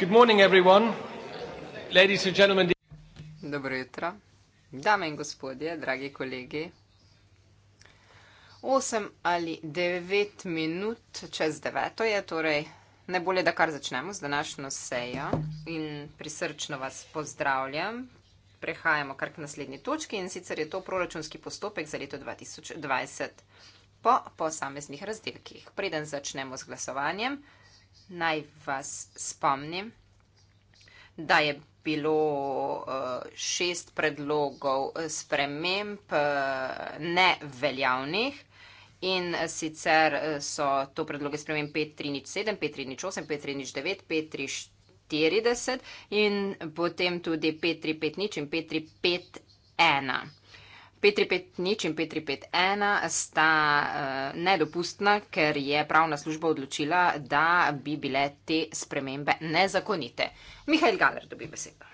Good morning everyone. Ladies and gentlemen. Dobro jutro. Dame in gospodje, dragi kolegi. 8 ali 9 minut čez 9 je, torej najbolje da kar začnemo z današnjo sejo in prisrčno vas pozdravljam. Prehajamo kar k naslednji točki in sicer je to proračunski postopek za leto 2020 po posameznih razdelkih. Preden začnemo z glasovanjem, naj vas spomnim, da je bilo eh, šest predlogov sprememb eh, neveljavnih in sicer eh, so to predloge sprememb 5307, 5308, 5309, 5340 in potem tudi 5350 in 5351. 5.5.0 in 5.5.1 sta uh, nedopustna, ker je pravna služba odločila, da bi bile te spremembe nezakonite. Mihajl Galer dobi besedo.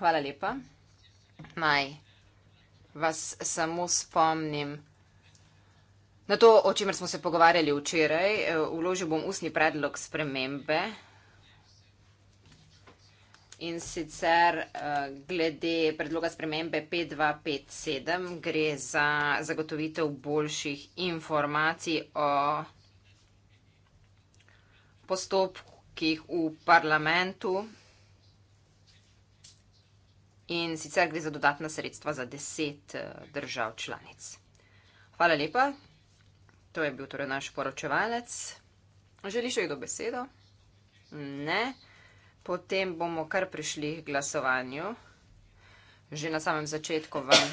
Hvala lepa. Naj vas samo spomnim na to, o čemer smo se pogovarjali včeraj. Uložil eh, bom usni predlog spremembe. In sicer eh, glede predloga spremembe 5257 gre za zagotovitev boljših informacij o postopkih v parlamentu. In sicer gre za dodatna sredstva za deset eh, držav članic. Hvala lepa. To je bil torej naš poročevalec. Želiš še kdo besedo? Ne. Potem bomo kar prišli k glasovanju. Že na samem začetku vam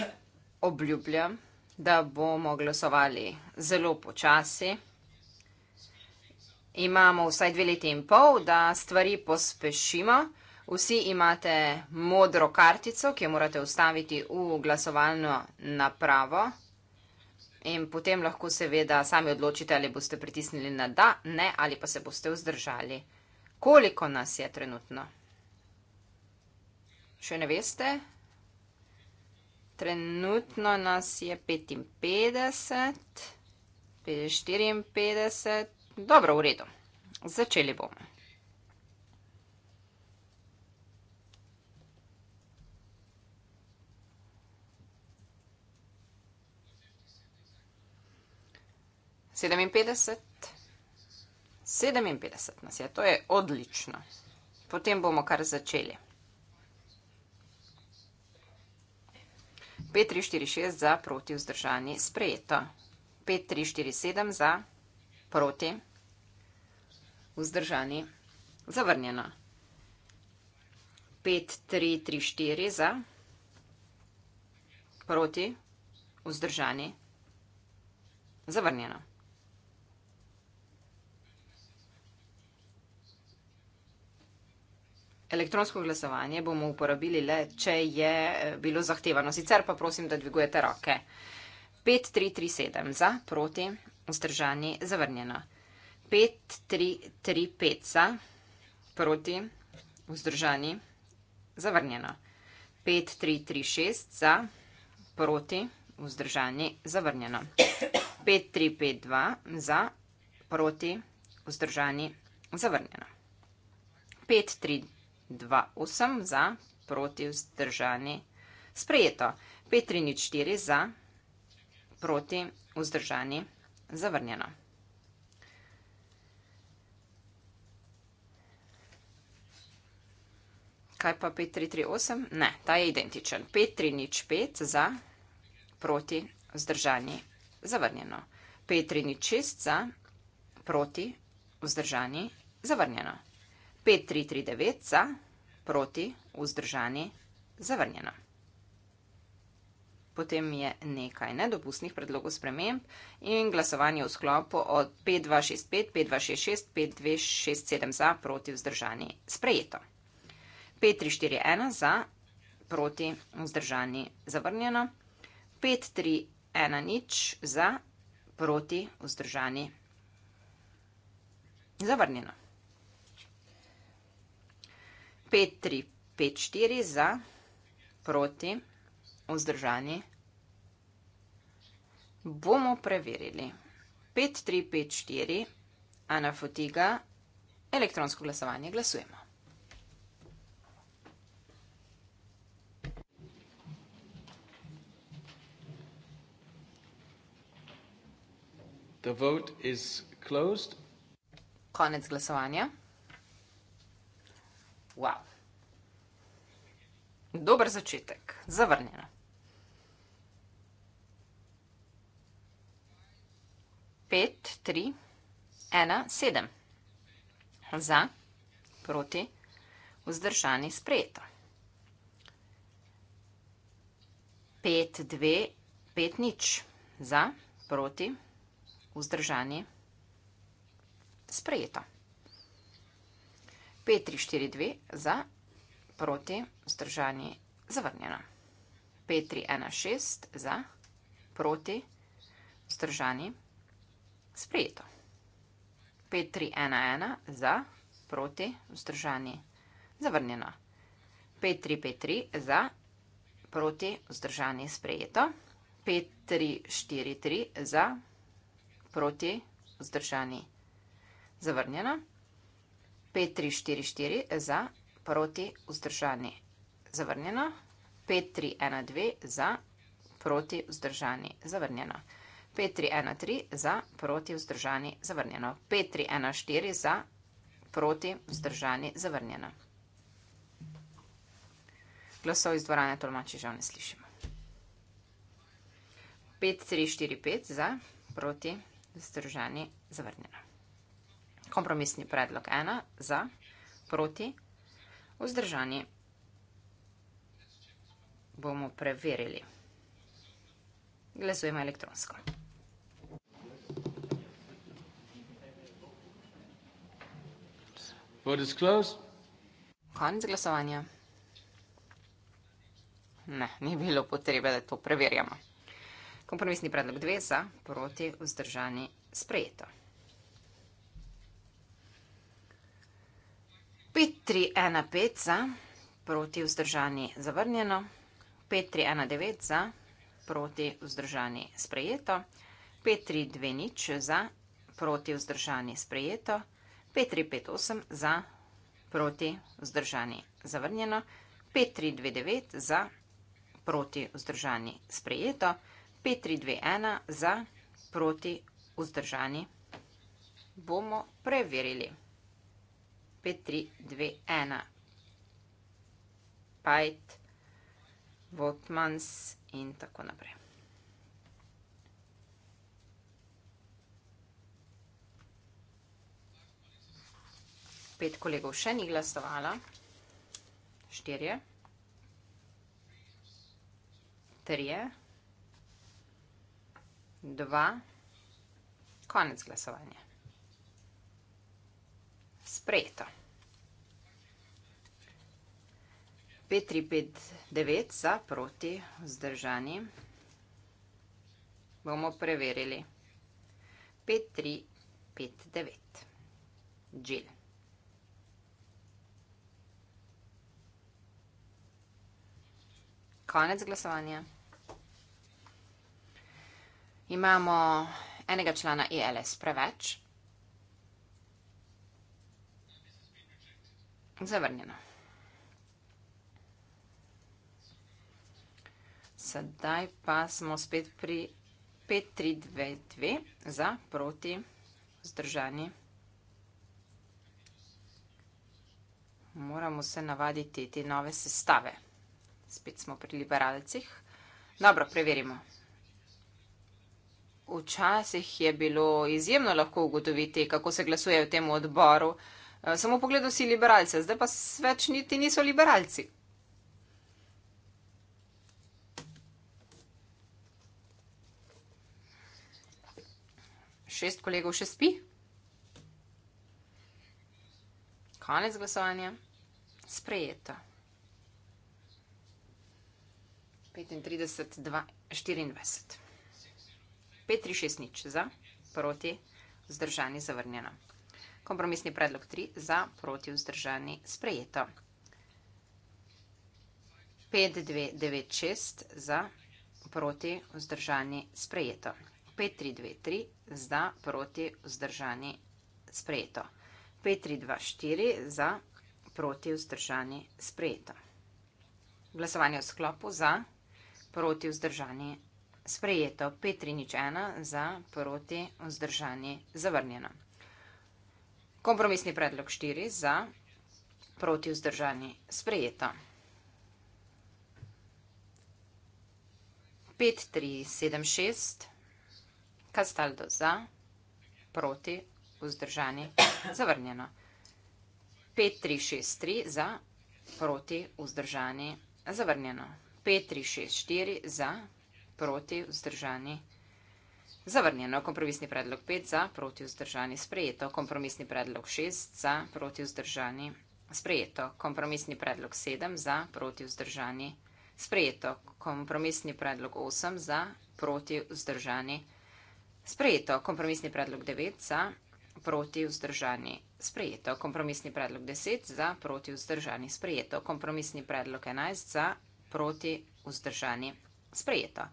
obljubljam, da bomo glasovali zelo počasi. Imamo vsaj dve leti in pol, da stvari pospešimo. Vsi imate modro kartico, ki jo morate ustaviti v glasovalno napravo. In potem lahko seveda sami odločite, ali boste pritisnili na da, ne, ali pa se boste vzdržali. Koliko nas je trenutno? Še ne veste? Trenutno nas je 55, 54, dobro, v redu. Začeli bomo. Sedeminpetdeset, 57 nas je, to je odlično. Potem bomo kar začeli. 5346 za proti vzdržani sprejeto. 5347 za proti vzdržani zavrnjeno. 5334 za proti vzdržani zavrnjeno. 5335 za proti vzdržani zavrnjeno. Elektronsko glasovanje bomo uporabili le, če je eh, bilo zahtevano. Sicer pa prosim, da dvigujete roke. 5337 za, proti, vzdržani, zavrnjeno. 5335 za, proti, vzdržani, zavrnjeno. 5336 za, proti, vzdržani, zavrnjeno. 5352 za, proti, vzdržani, zavrnjeno. 5335. 2 8 za, proti vzdržani. Sprejeto. 5 3 nič 4 za, proti vzdržani. Zavrnjeno. Kaj pa 5 3 3 8? Ne, ta je identičen. 5 3 nič 5 za, proti vzdržani. Zavrnjeno. 5 3 nič 6 za, proti vzdržani. Zavrnjeno. 5339 za, proti, vzdržani, zavrnjeno. Potem je nekaj nedopustnih predlogov sprememb in glasovanje v sklopu od 5265, 5266, 5267 za, proti, vzdržani, sprejeto. 5341 za, proti, vzdržani, zavrnjeno. 5310 nič za, proti, vzdržani, zavrnjeno pet, tri, pet, štiri za, proti, vzdržani. Bomo preverili. Pet, tri, pet, štiri, Ana Fotiga, elektronsko glasovanje, glasujemo. The vote is closed. Konec glasovanja. Wow. Dober začetek, zavrnjena. Pet, tri, ena, sedem. Za, proti, vzdržani, sprejeto. Pet, dve, pet, nič. Za, proti, vzdržani, sprejeto. 5-3-4-2 za, proti, vzdržani, zavrnjeno. 5-3-1-6 za, proti, vzdržani, sprejeto. 5-3-1-1 za, proti, vzdržani, zavrnjeno. 5-3-5-3 za, proti, vzdržani, sprejeto. 5-3-4-3 za, proti, vzdržani, zavrnjeno. 5-3-4-3 za, proti, vzdržani, zavrnjeno. 5-3-4-4 za, proti, vzdržani, zavrnjeno. 5-3-1-2 za, proti, vzdržani, zavrnjeno. 5-3-1-3 za, proti, vzdržani, zavrnjeno. 5-3-1-4 za, proti, vzdržani, zavrnjeno. Glasov iz dvorane tolmači žal ne slišimo. 5-3-4-5 za, proti, vzdržani, zavrnjeno. Kompromisni predlog ena za, proti, vzdržani bomo preverili. Glasujemo elektronsko. Konc glasovanja. Ne, ni bilo potrebe, da to preverjamo. Kompromisni predlog dve za, proti, vzdržani sprejeto. 5315 za, proti vzdržani zavrnjeno, 5319 za, proti vzdržani sprejeto, 5320 za, proti vzdržani sprejeto, 5358 za, proti vzdržani zavrnjeno, 5329 za, proti vzdržani sprejeto, 5321 za, proti vzdržani. Bomo preverili pet, tri, dve, ena. Pajt, Votmans in tako naprej. Pet kolegov še ni glasovala. Štirje. Trije. Dva. Konec glasovanja sprejeta. 5, 3, 5, 9 za proti vzdržani. Bomo preverili. 5, 3, 5, 9. Džil. Konec glasovanja. Imamo enega člana ILS e preveč. zavrnjeno. Sedaj pa smo spet pri 5-3-2-2 za proti zdržanji. Moramo se navaditi te nove sestave. Spet smo pri liberalcih. Dobro, preverimo. Včasih je bilo izjemno lahko ugotoviti, kako se glasuje v tem odboru. Eh, samo pogledal si liberalce, zdaj pa več niti niso liberalci. Šest kolegov še spi. Konec glasovanja. Sprejeto. 35, 2, 24. 5, 3, 6, nič za, proti, zdržani, zavrnjeno kompromisni predlog 3 za proti vzdržani sprejeto. 5296 za proti vzdržani sprejeto. 5323 za proti vzdržani sprejeto. 5324 za proti vzdržani sprejeto. Glasovanje v sklopu za proti vzdržani sprejeto. 5301 za proti vzdržani zavrnjeno. Kompromisni predlog štiri za proti vzdržani sprejeta. 5376, Kastaldo za, proti, vzdržani, zavrnjeno. 5363 za, proti, vzdržani, zavrnjeno. 5364 za, proti, vzdržani, zavrnjeno. Zavrnjeno kompromisni predlog 5 za, proti vzdržani sprejeto, kompromisni predlog 6 za, proti vzdržani sprejeto, kompromisni predlog 7 za, proti vzdržani sprejeto, kompromisni predlog 8 za, proti vzdržani sprejeto, kompromisni predlog 9 za, proti vzdržani sprejeto, kompromisni predlog 10 za, proti vzdržani sprejeto, kompromisni predlog 11 za, proti vzdržani sprejeto.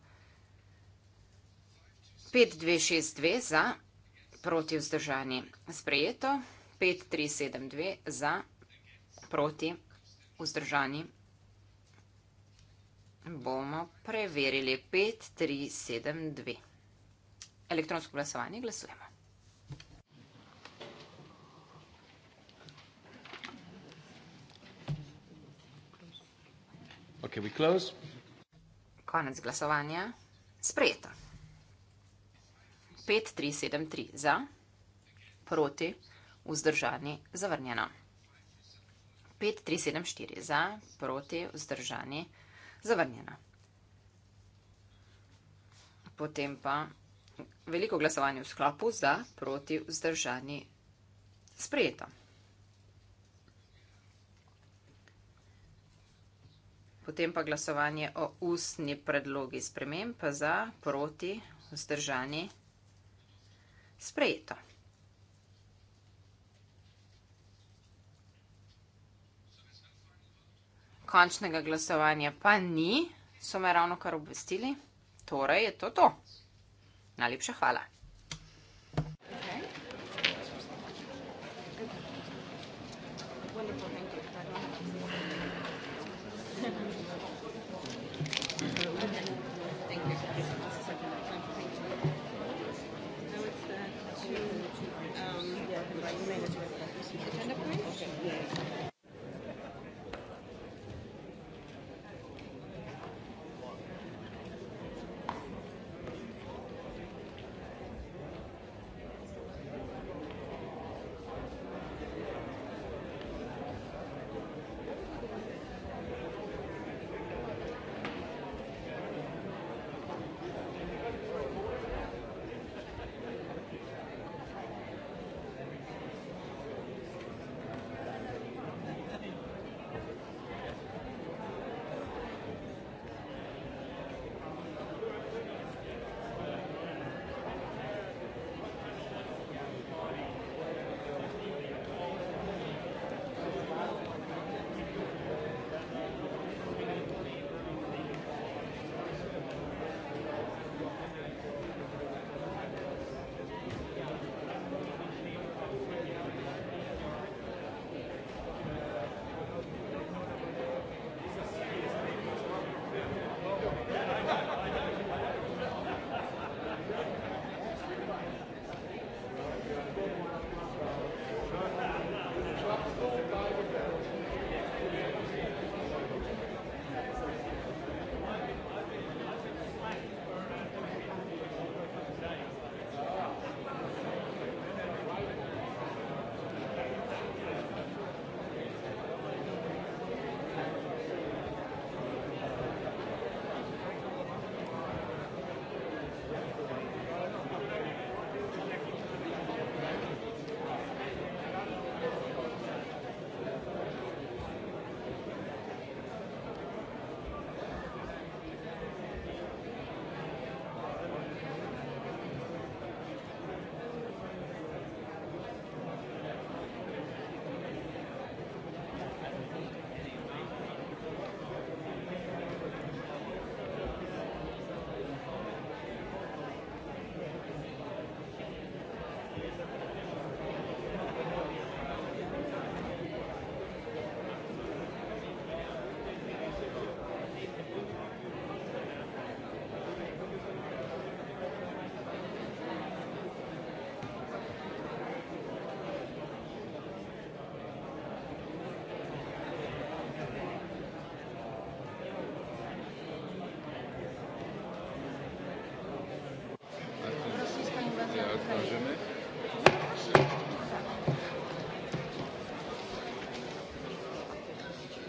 5262 za, proti vzdržani. Sprejeto. 5372 za, proti vzdržani. Bomo preverili. 5372. Elektronsko glasovanje glasujemo. Okay, we close. Konec glasovanja. Sprejeto. 5-3-7-2. 5, 3, 7, 3 za, proti, vzdržani, zavrnjeno. 5, 3, 7, 4 za, proti, vzdržani, zavrnjeno. Potem pa veliko glasovanje v sklopu za, proti, vzdržani, sprejeto. Potem pa glasovanje o ustni predlogi spremem, pa za, proti, vzdržani, sprejeto sprejeto. Končnega glasovanja pa ni, so me ravno kar obvestili. Torej je to to. Najlepša hvala. Okay.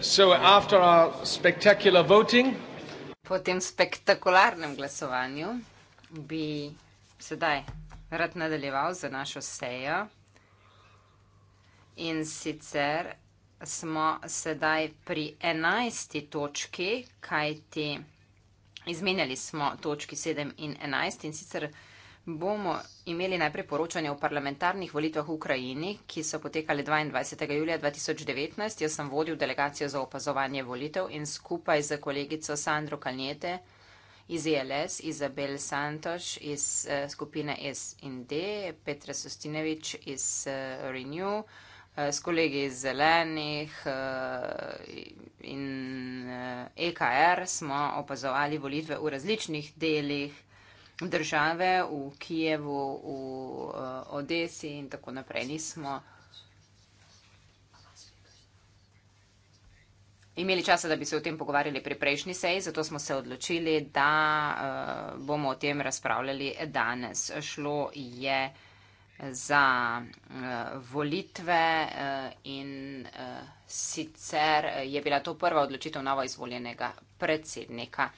So after our spectacular voting, po tem spektakularnem glasovanju bi sedaj rad nadaljeval za našo sejo. In sicer smo sedaj pri enajsti točki, kajti izmenjali smo točki sedem in enajst in sicer bomo imeli najprej poročanje o parlamentarnih volitvah v Ukrajini, ki so potekale 22. julija 2019. Jaz sem vodil delegacijo za opazovanje volitev in skupaj z kolegico Sandro Kalnjete iz ELS, Izabel Santoš iz uh, skupine S&D, Petra Sostinevič iz uh, Renew, uh, s kolegi iz Zelenih uh, in uh, EKR smo opazovali volitve v različnih delih države v Kijevu, v uh, Odesi in tako naprej. Nismo imeli časa, da bi se o tem pogovarjali pri prejšnji seji, zato smo se odločili, da uh, bomo o tem razpravljali danes. Šlo je za uh, volitve uh, in uh, sicer je bila to prva odločitev novo izvoljenega predsednika.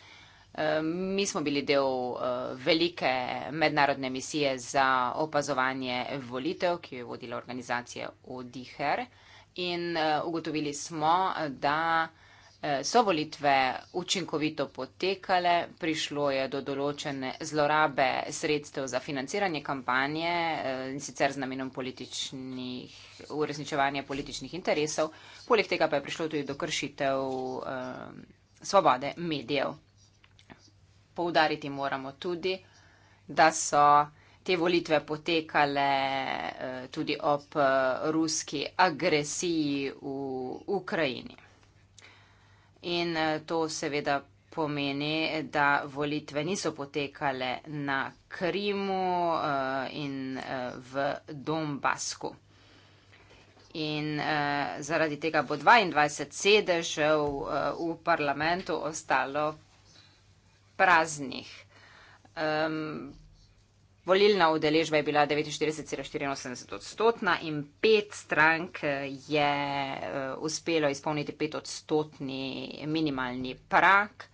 Mi smo bili del eh, velike mednarodne misije za opazovanje volitev, ki jo je vodila organizacija ODIHER in eh, ugotovili smo, da eh, so volitve učinkovito potekale, prišlo je do določene zlorabe sredstev za financiranje kampanje in sicer z namenom političnih, uresničevanja političnih interesov, poleg tega pa je prišlo tudi do kršitev svobode medijev. Poudariti moramo tudi, da so te volitve potekale eh, tudi ob eh, ruski agresiji v Ukrajini. In eh, to seveda pomeni, da volitve niso potekale na Krimu in v Donbasku. In eh, zaradi tega bo 22 sedežev eh, v parlamentu ostalo praznih. Um, volilna udeležba je bila 49,84 odstotna in pet strank eh, je uh, uspelo izpolniti pet odstotni minimalni prak.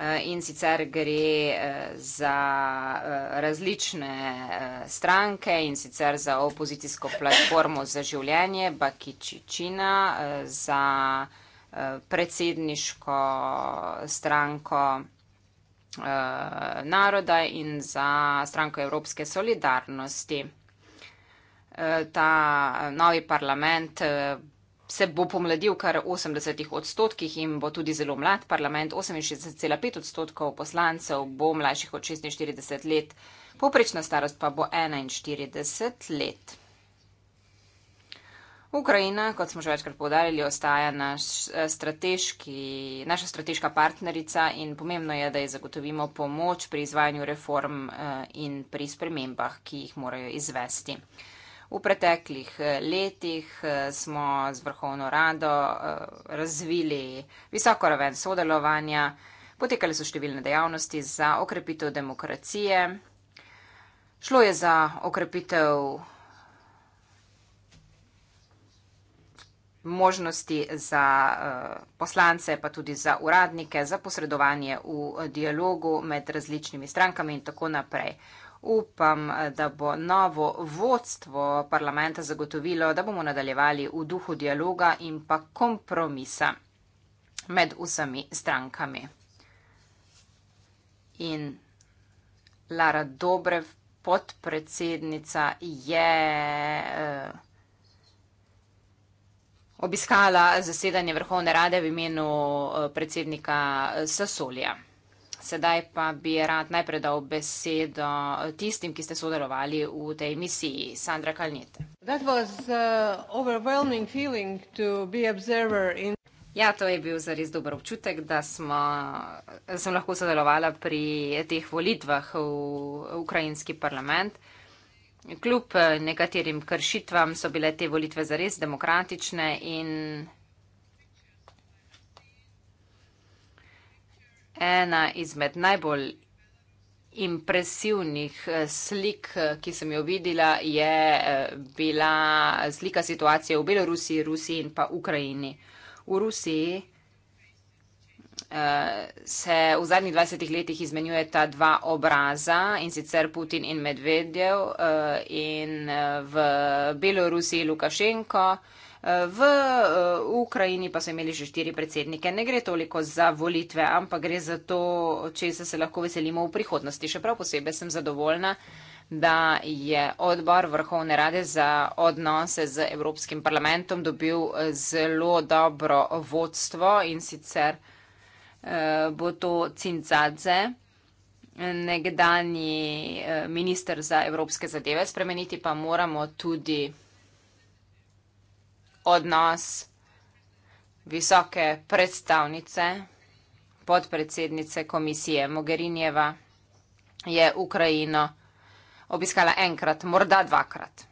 Eh, in sicer gre za različne stranke in sicer za opozicijsko platformo za življenje Bakičičina, za predsedniško stranko eh, naroda in za stranko Evropske solidarnosti. Eh, ta novi parlament eh, se bo pomladil kar 80 odstotkih in bo tudi zelo mlad parlament. 68,5 odstotkov poslancev bo mlajših od 46 let, poprečna starost pa bo 41 let. Ukrajina, kot smo že večkrat povdarjali, ostaja naš eh, strateški, naša strateška partnerica in pomembno je, da ji zagotovimo pomoč pri izvajanju reform eh, in pri spremembah, ki jih morajo izvesti. V preteklih eh, letih smo z Vrhovno rado razvili visoko raven sodelovanja, potekali so številne dejavnosti za okrepitev demokracije. Šlo je za okrepitev možnosti za eh, poslance, pa tudi za uradnike, za posredovanje v dialogu med različnimi strankami in tako naprej. Upam, da bo novo vodstvo parlamenta zagotovilo, da bomo nadaljevali v duhu dialoga in pa kompromisa med vsemi strankami. In Lara Dobrev, podpredsednica, je. Uh, obiskala zasedanje Vrhovne rade v imenu eh, predsednika eh, Sasolija. Sedaj pa bi rad najprej dal besedo eh, tistim, ki ste sodelovali v tej misiji, Sandra Kalnite. Ja, to je bil zares dober občutek, da, smo, da sem lahko sodelovala pri teh volitvah v ukrajinski parlament. Uh, Kljub eh, nekaterim kršitvam so bile te volitve zares demokratične in ena izmed najbolj impresivnih eh, slik, eh, ki sem jo videla, je bila slika situacije v Belorusiji, Rusiji in pa Ukrajini. V Rusiji se v zadnjih 20 letih izmenjujeta dva obraza in sicer Putin in Medvedev eh, in eh, v Belorusiji Lukašenko. Eh, v Ukrajini pa so imeli že štiri predsednike. Ne gre toliko za volitve, ampak gre za to, če se, se lahko veselimo v prihodnosti. Še prav posebej sem zadovoljna, da je odbor Vrhovne rade za odnose z Evropskim parlamentom dobil zelo dobro vodstvo in sicer. Eh, bo to Cincadze, nekdani eh, minister za evropske zadeve. Spremeniti pa moramo tudi odnos visoke predstavnice, podpredsednice komisije Mogherinjeva je Ukrajino obiskala enkrat, morda dvakrat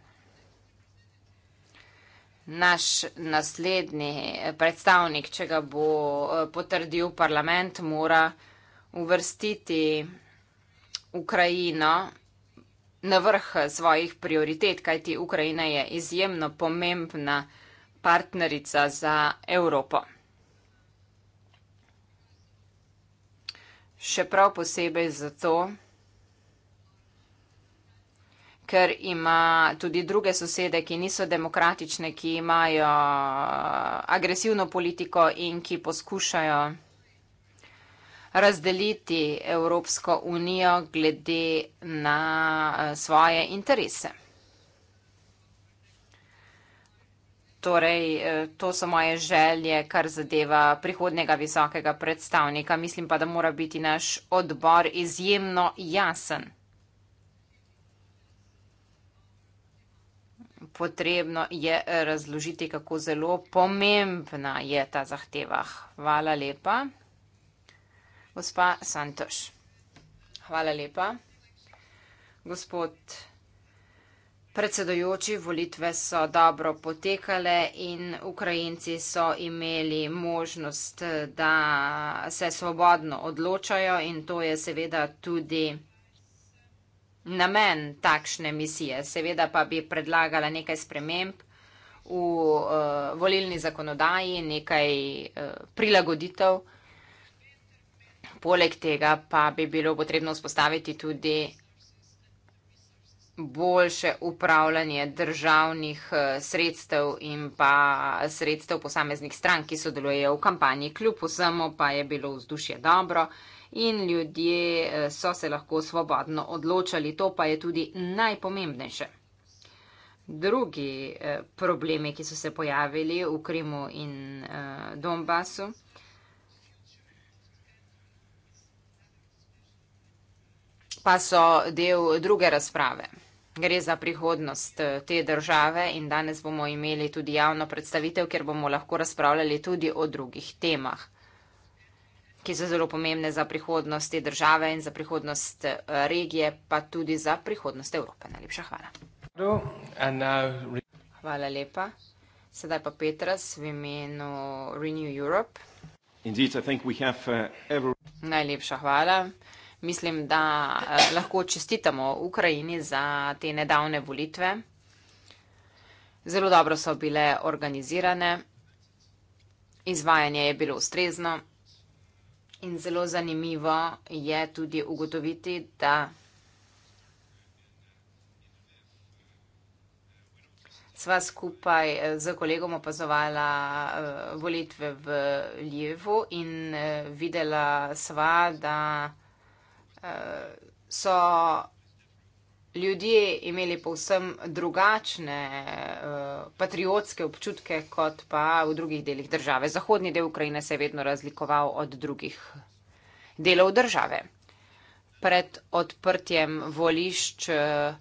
naš naslednji predstavnik, če ga bo eh, potrdil parlament, mora uvrstiti Ukrajino na vrh svojih prioritet, kajti Ukrajina je izjemno pomembna partnerica za Evropo. Še prav posebej zato, ker ima tudi druge sosede, ki niso demokratične, ki imajo eh, agresivno politiko in ki poskušajo razdeliti Evropsko unijo glede na eh, svoje interese. Torej, eh, to so moje želje, kar zadeva prihodnega visokega predstavnika. Mislim pa, da mora biti naš odbor izjemno jasen. potrebno je eh, razložiti, kako zelo pomembna je ta zahteva. Hvala lepa. Gospa Santoš. Hvala lepa. Gospod predsedojoči, volitve so dobro potekale in Ukrajinci so imeli možnost, da se svobodno odločajo in to je seveda tudi namen takšne misije. Seveda pa bi predlagala nekaj sprememb v uh, volilni zakonodaji, nekaj uh, prilagoditev. Poleg tega pa bi bilo potrebno vzpostaviti tudi boljše upravljanje državnih eh, sredstev in pa sredstev posameznih strank, ki sodelujejo v kampanji. Kljub vsemu pa je bilo vzdušje dobro. Uh, in ljudje eh, so se lahko svobodno odločali. To pa je tudi najpomembnejše. Drugi eh, problemi, ki so se pojavili v Krimu in eh, Donbasu, pa so del druge razprave. Gre za prihodnost te države in danes bomo imeli tudi javno predstavitev, kjer bomo lahko razpravljali tudi o drugih temah ki so zelo pomembne za prihodnost te države in za prihodnost eh, regije, pa tudi za prihodnost Evrope. Najlepša hvala. Hvala lepa. Sedaj pa Petras v imenu Renew Europe. Eh, Najlepša hvala. Mislim, da eh, lahko čestitamo Ukrajini za te nedavne volitve. Zelo dobro so bile organizirane, izvajanje je bilo ustrezno, In zelo zanimivo je tudi ugotoviti, da sva skupaj eh, z kolegom opazovala eh, volitve v Ljevu in eh, videla sva, da so ljudje imeli povsem drugačne uh, patriotske občutke kot pa v drugih delih države. Zahodni del Ukrajine se je vedno razlikoval od drugih delov države. Pred odprtjem volišč eh,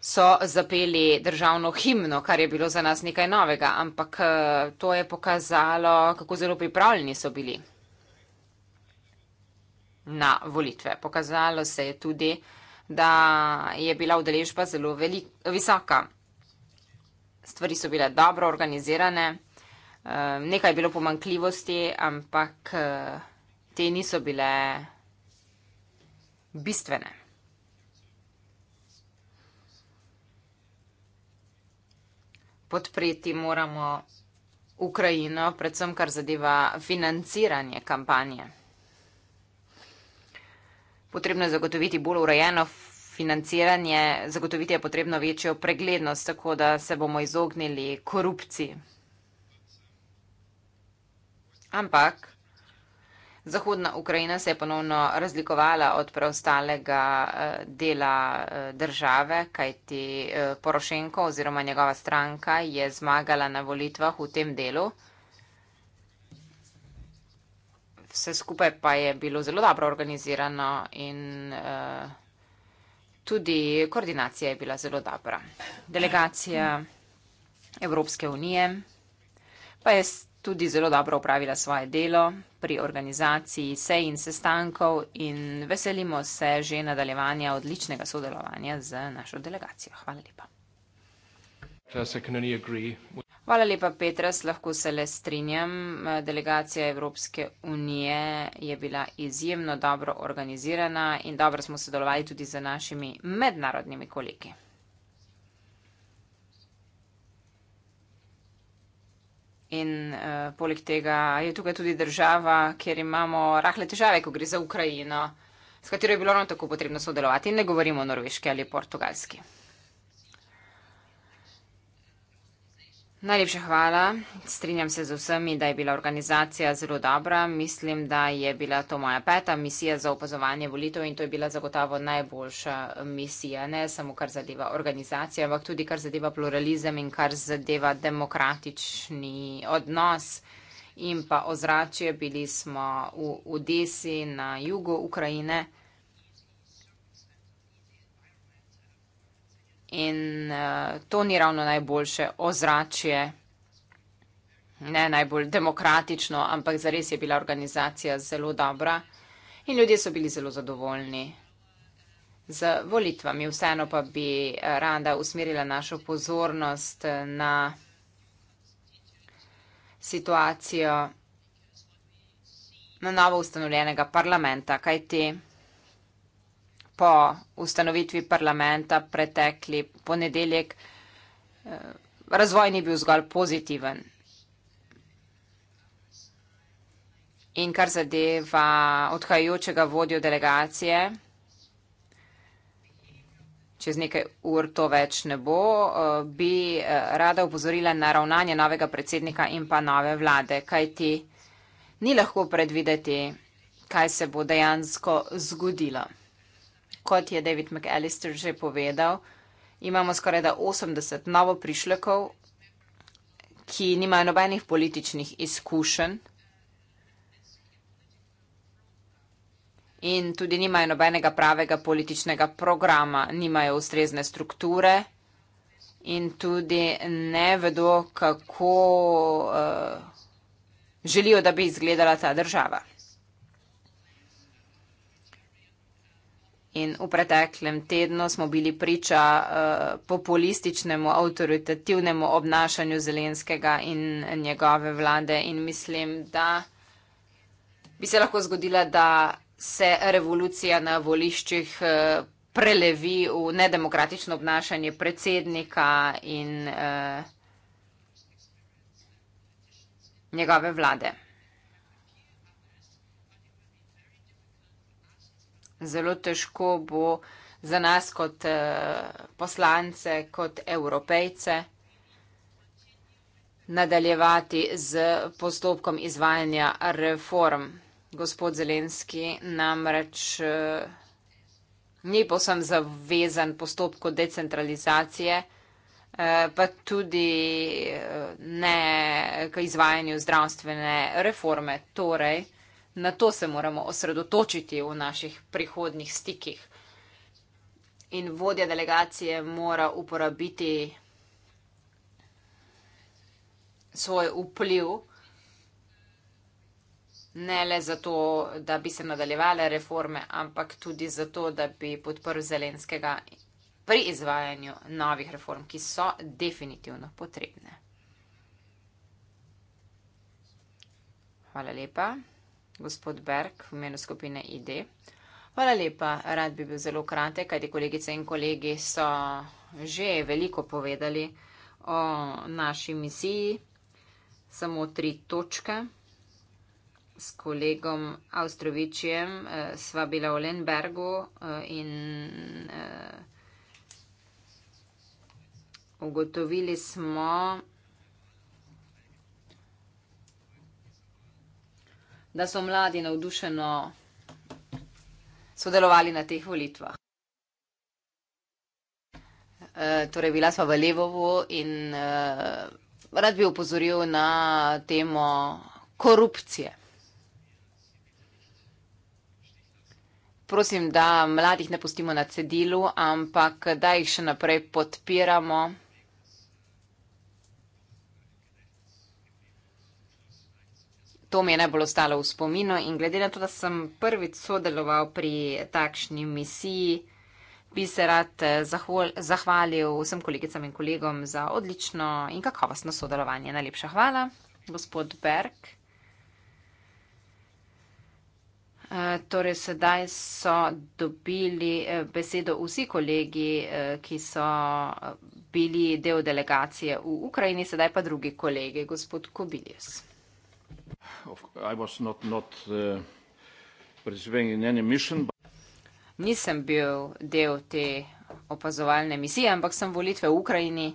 so zapeli državno himno, kar je bilo za nas nekaj novega, ampak eh, to je pokazalo, kako zelo pripravljeni so bili na volitve. Pokazalo se je tudi, da je bila udeležba zelo velik, visoka. Stvari so bile dobro organizirane, eh, nekaj je bilo pomankljivosti, ampak eh, te niso bile bistvene. Podpreti moramo Ukrajino, predvsem kar zadeva financiranje kampanje potrebno je zagotoviti bolj urejeno financiranje, zagotoviti je potrebno večjo preglednost, tako da se bomo izognili korupciji. Ampak Zahodna Ukrajina se je ponovno razlikovala od preostalega eh, dela eh, države, kajti eh, Porošenko oziroma njegova stranka je zmagala na volitvah v tem delu vse skupaj pa je bilo zelo dobro organizirano in eh, tudi koordinacija je bila zelo dobra. Delegacija Evropske unije pa je tudi zelo dobro upravila svoje delo pri organizaciji sej in sestankov in veselimo se že nadaljevanja odličnega sodelovanja z našo delegacijo. Hvala lepa. Hvala lepa, Petras. Lahko se le strinjam. Delegacija Evropske unije je bila izjemno dobro organizirana in dobro smo sodelovali tudi z našimi mednarodnimi kolegi. In uh, poleg tega je tukaj tudi država, kjer imamo rahle težave, ko gre za Ukrajino, s katero je bilo ravno tako potrebno sodelovati in ne govorimo o norveški ali portugalski. Najlepša hvala. Strinjam se z vsemi, da je bila organizacija zelo dobra. Mislim, da je bila to moja peta misija za opazovanje volitev in to je bila zagotovo najboljša misija, ne samo kar zadeva organizacijo, ampak tudi kar zadeva pluralizem in kar zadeva demokratični odnos in pa ozračje. Bili smo v Odesi na jugu Ukrajine. In uh, to ni ravno najboljše ozračje, ne najbolj demokratično, ampak zares je bila organizacija zelo dobra in ljudje so bili zelo zadovoljni z volitvami. Vseeno pa bi eh, rada usmerila našo pozornost eh, na situacijo na novo ustanovljenega parlamenta, kaj te po ustanovitvi parlamenta pretekli ponedeljek, eh, razvoj ni bil zgolj pozitiven. In kar zadeva odhajajočega vodjo delegacije, čez nekaj ur to več ne bo, eh, bi eh, rada upozorila na ravnanje novega predsednika in pa nove vlade, kaj ti ni lahko predvideti, kaj se bo dejansko zgodilo kot je David McAllister že povedal, imamo skoraj da 80 novo prišlekov, ki nimajo nobenih političnih izkušenj in tudi nimajo nobenega pravega političnega programa, nimajo ustrezne strukture in tudi ne vedo, kako uh, želijo, da bi izgledala ta država. In v preteklem tednu smo bili priča eh, populističnemu, avtoritativnemu obnašanju Zelenskega in njegove vlade in mislim, da bi se lahko zgodila, da se revolucija na voliščih eh, prelevi v nedemokratično obnašanje predsednika in eh, njegove vlade. zelo težko bo za nas kot eh, poslance, kot evropejce nadaljevati z postopkom izvajanja reform. Gospod Zelenski namreč eh, ni posem zavezan postopku decentralizacije, eh, pa tudi ne k izvajanju zdravstvene reforme. Torej, na to se moramo osredotočiti v naših prihodnih stikih. In vodja delegacije mora uporabiti svoj vpliv, ne le zato, da bi se nadaljevale reforme, ampak tudi zato, da bi podprl Zelenskega pri izvajanju novih reform, ki so definitivno potrebne. Hvala lepa gospod Berg v imenu skupine ID. Hvala lepa, rad bi bil zelo kratek, kajti kolegice in kolegi so že veliko povedali o naši misiji. Samo tri točke. S kolegom Avstrovičjem eh, sva bila v Lenbergu eh, in eh, ugotovili smo, da so mladi navdušeno sodelovali na teh volitvah. E, torej, bila sva v Levovu in e, rad bi upozoril na temo korupcije. Prosim, da mladih ne pustimo na cedilu, ampak da jih še naprej podpiramo. To mi je najbolj ostalo v spominu in glede na to, da sem prvič sodeloval pri takšni misiji, bi se rad eh, zahval, zahvalil vsem kolegicam in kolegom za odlično in kakovostno sodelovanje. Najlepša hvala, gospod Berg. Eh, torej, sedaj so dobili eh, besedo vsi kolegi, ki so bili del delegacije v Ukrajini, sedaj pa drugi kolegi, gospod Kobilius. I was not, not, uh, mission, but... Nisem bil del te opazovalne misije, ampak sem volitve v Ukrajini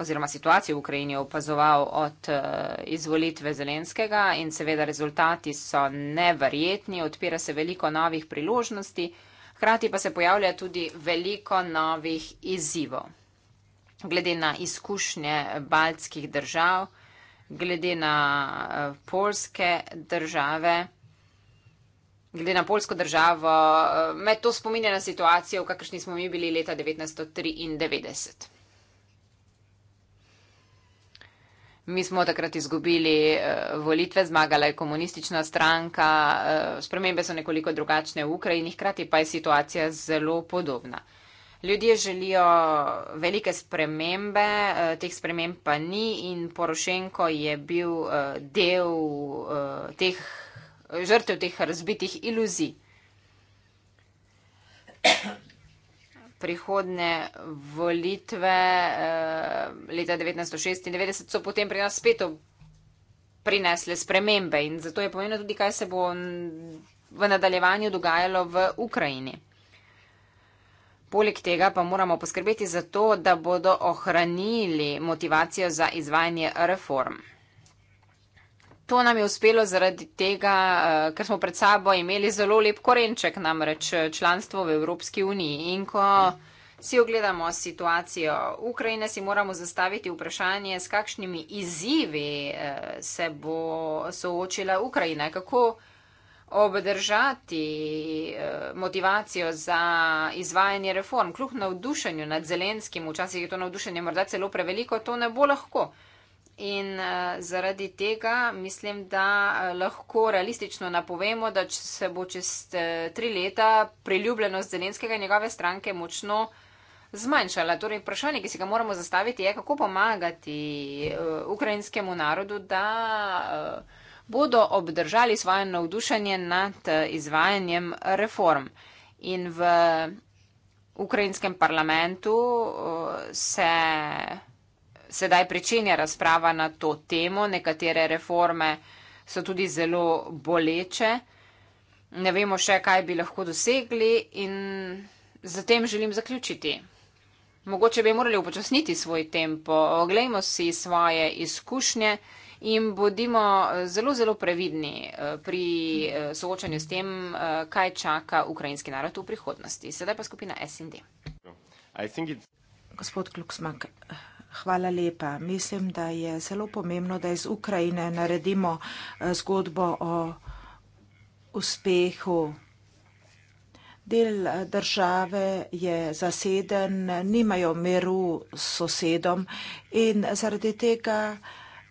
oziroma situacijo v Ukrajini opazoval od uh, izvolitve Zelenskega in seveda rezultati so neverjetni, odpira se veliko novih priložnosti, hkrati pa se pojavlja tudi veliko novih izzivov. Glede na izkušnje baltskih držav, glede na eh, polske države. Glede na polsko državo, eh, me to spominja na situacijo, v kakršni smo mi bili leta 1993. Mi smo takrat izgubili eh, volitve, zmagala je komunistična stranka, spremembe so nekoliko drugačne v Ukrajini, hkrati pa je situacija zelo podobna. Ljudje želijo velike spremembe, eh, teh sprememb pa ni in Porošenko je bil eh, del eh, teh žrtev, teh razbitih iluzij. Prihodne volitve leta 1996 so potem pri nas spet prinesle spremembe in zato je pomembno tudi, kaj se bo v nadaljevanju dogajalo v Ukrajini. Poleg tega pa moramo poskrbeti za to, da bodo ohranili motivacijo za izvajanje reform. To nam je uspelo zaradi tega, eh, ker smo pred sabo imeli zelo lep korenček, namreč eh, članstvo v Evropski uniji. In ko si ogledamo situacijo Ukrajine, si moramo zastaviti vprašanje, s kakšnimi izzivi eh, se bo soočila Ukrajina. Kako obdržati eh, motivacijo za izvajanje reform. Kljub navdušenju nad Zelenskim, včasih je to navdušenje morda celo preveliko, to ne bo lahko. In eh, zaradi tega mislim, da eh, lahko realistično napovemo, da se bo čez tri leta priljubljenost Zelenskega in njegove stranke močno zmanjšala. Torej, vprašanje, ki si ga moramo zastaviti, je, kako pomagati ukrajinskemu narodu, da bodo obdržali svoje navdušenje nad eh, izvajanjem reform. In v ukrajinskem parlamentu eh, se sedaj pričenja razprava na to temo. Nekatere reforme so tudi zelo boleče. Ne vemo še, kaj bi lahko dosegli in zatem želim zaključiti. Mogoče bi morali upočasniti svoj tempo, oglejmo si svoje izkušnje in bodimo eh, zelo, zelo previdni eh, pri eh, soočanju s tem, kaj čaka ukrajinski narod v prihodnosti. Sedaj pa skupina SND. Gospod Kluksmak, hvala lepa. Mislim, da je zelo pomembno, da iz Ukrajine naredimo zgodbo o uspehu Del eh, države je zaseden, nimajo miru s sosedom in zaradi tega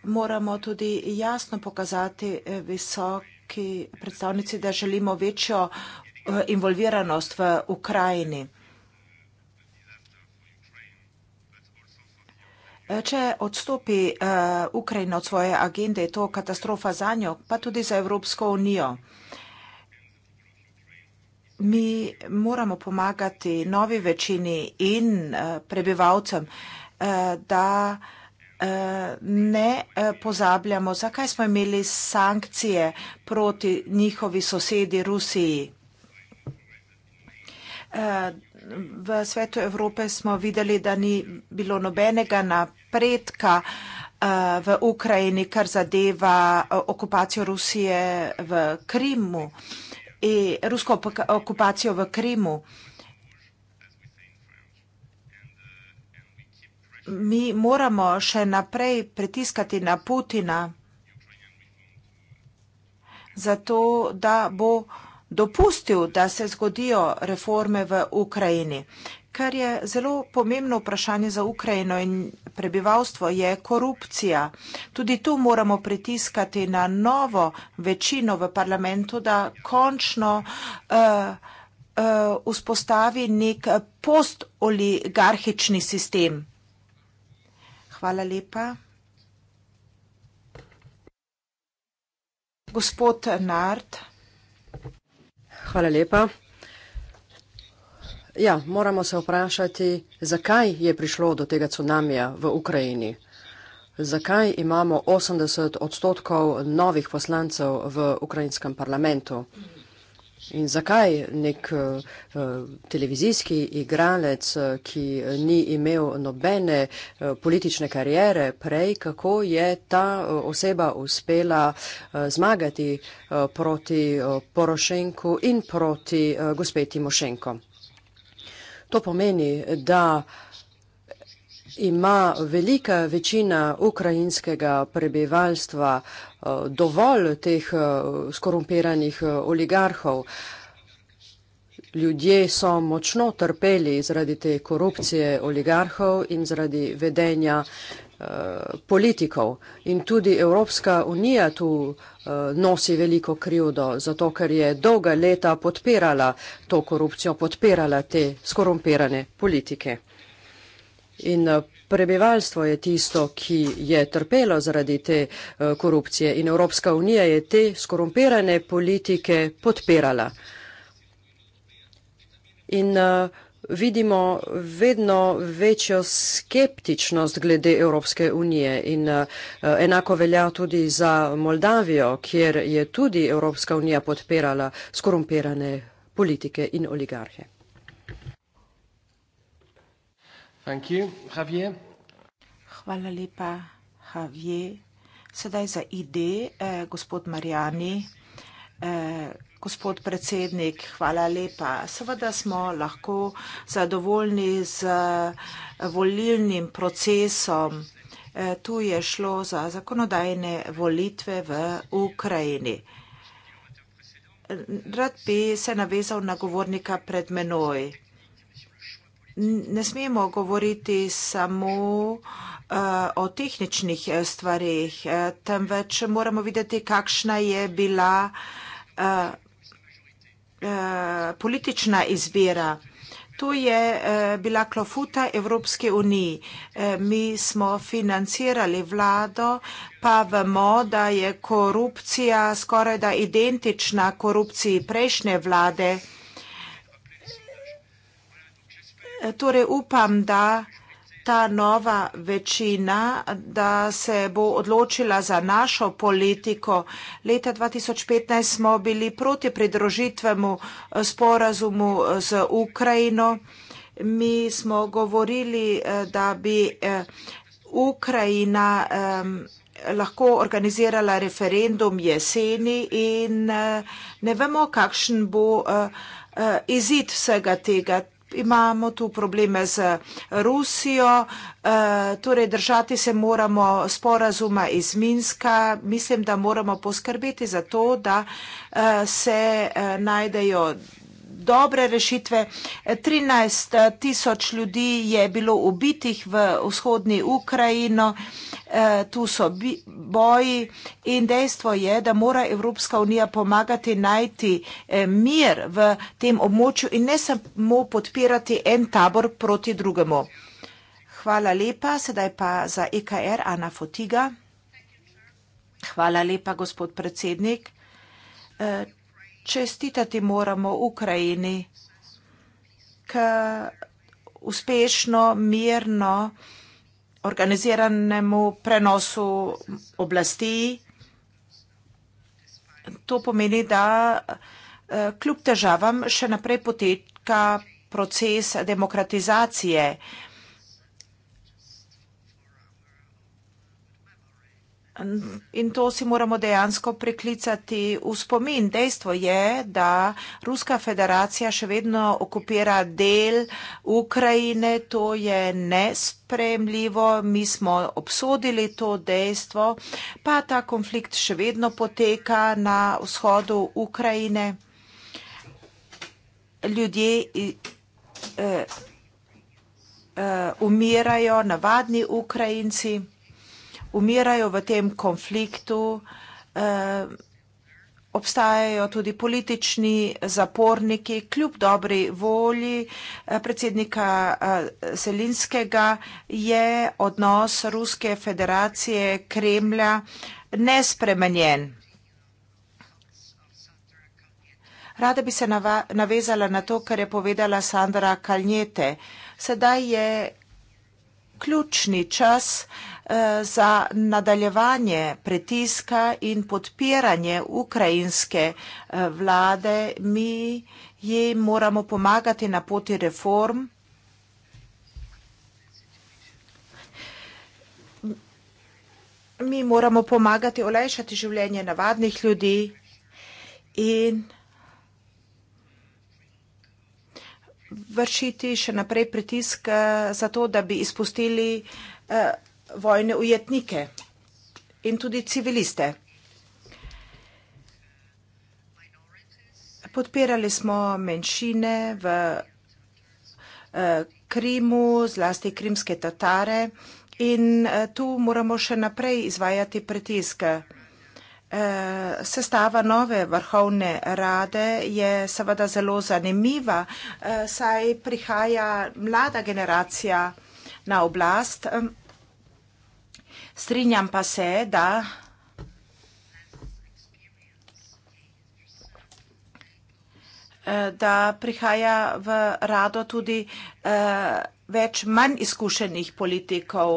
moramo tudi jasno pokazati eh, visoki predstavnici, da želimo večjo eh, involviranost v Ukrajini. Če odstopi Ukrajina od svoje agende, je to katastrofa za njo, pa tudi za Evropsko unijo mi moramo pomagati novi večini in eh, prebivalcem, eh, da eh, ne pozabljamo, zakaj smo imeli sankcije proti njihovi sosedi Rusiji. V svetu Evrope smo videli, da ni bilo nobenega napredka v Ukrajini, kar zadeva okupacijo Rusije v Krimu и руску оккупацию в Крыму. Мы можем еще напрей притискать на Путина за то, да бо допустил, да се сгодио реформе в Украине. Kar je zelo pomembno vprašanje za Ukrajino in prebivalstvo, je korupcija. Tudi tu moramo pritiskati na novo večino v parlamentu, da končno uh, uh, vzpostavi nek postoligarhični sistem. Hvala lepa. Gospod Nard. Hvala lepa. Ja, moramo se vprašati, zakaj je prišlo do tega tsunamija v Ukrajini. Zakaj imamo 80 odstotkov novih poslancev v ukrajinskem parlamentu? In zakaj nek uh, televizijski igralec, eh, ki ni imel nobene uh, politične karijere prej, kako je ta oseba uspela uh, zmagati uh, proti uh, Porošenku in proti uh, gospe Timošenko? To pomeni, da ima velika večina ukrajinskega prebivalstva eh, dovolj teh eh, skorumpiranih eh, oligarhov. Ljudje so močno trpeli zaradi te korupcije oligarhov in zaradi vedenja Eh, politikov in tudi Evropska unija tu eh, nosi veliko krivdo, zato ker je dolga leta podpirala to korupcijo, podpirala te skorumpirane politike. In eh, prebivalstvo je tisto, ki je trpelo zaradi te korupcije in Evropska unija je te skorumpirane politike podpirala. In uh, vidimo vedno večjo skeptičnost glede Evropske unije in eh, enako velja tudi za Moldavijo, kjer je tudi Evropska unija podpirala skorumpirane politike in oligarhe. Hvala lepa, Javier. Sedaj za ideje, eh, gospod Marjani. Eh, Gospod predsednik, hvala lepa. Seveda smo lahko zadovoljni z eh, volilnim procesom. Eh, tu je šlo za zakonodajne volitve v Ukrajini. Rad bi se navezal na govornika pred menoj. Ne smemo govoriti samo eh, o tehničnih stvarih, temveč moramo videti, kakšna je bila Eh, politična izbira. To je eh, bila klofuta Evropske unije. Eh, mi smo financirali vlado, pa vemo, da je korupcija skoraj da identična korupciji prejšnje vlade. Torej upam, da ta nova večina, da se bo odločila za našo politiko. Leta 2015 smo bili proti pridružitvemu eh, sporazumu eh, z Ukrajino. Mi smo govorili, eh, da bi Ukrajina lahko organizirala referendum jeseni in ne vemo, kakšen bo izid vsega tega imamo tu probleme z Rusijo, eh, torej držati se moramo sporazuma iz Minska. Mislim, da moramo poskrbeti za to, da eh, se eh, najdejo dobre rešitve. 13 eh, tisoč ljudi je bilo ubitih v vzhodni Ukrajino, eh, tu so boji in dejstvo je, da mora Evropska unija pomagati najti eh, mir v tem območju in ne samo podpirati en tabor proti drugemu. Hvala lepa, sedaj pa za EKR Ana Fotiga. Hvala lepa, gospod predsednik čestitati moramo Ukrajini, ki uspešno, mirno, organiziranemu prenosu oblasti. To pomeni, da eh, kljub težavam še naprej poteka proces demokratizacije. In to si moramo dejansko preklicati v spomin. Dejstvo je, da Ruska federacija še vedno okupira del Ukrajine. To je nespremljivo. Mi smo obsodili to dejstvo, pa ta konflikt še vedno poteka na vzhodu Ukrajine. Ljudje uh, uh, umirajo, navadni Ukrajinci umirajo v tem konfliktu, eh, obstajajo tudi politični zaporniki, kljub dobri volji eh, predsednika eh, Selinskega je odnos Ruske federacije Kremlja nespremenjen. Rada bi se navezala na to, kar je povedala Sandra Kalnjete. Sedaj je ključni čas, ki je Eh, za nadaljevanje pritiska in podpiranje ukrajinske eh, vlade. Mi ji moramo pomagati na poti reform. Mi moramo pomagati olajšati življenje navadnih ljudi in vršiti še naprej pritisk eh, za to, da bi izpustili vojne ujetnike in tudi civiliste. Podpirali smo menšine v eh, Krimu, zlasti krimske tatare in eh, tu moramo še naprej izvajati pritisk. Eh, sestava nove vrhovne rade je seveda zelo zanimiva, saj prihaja mlada generacija na oblast. Strinjam pa se, da eh, da prihaja v rado tudi uh, več manj izkušenih politikov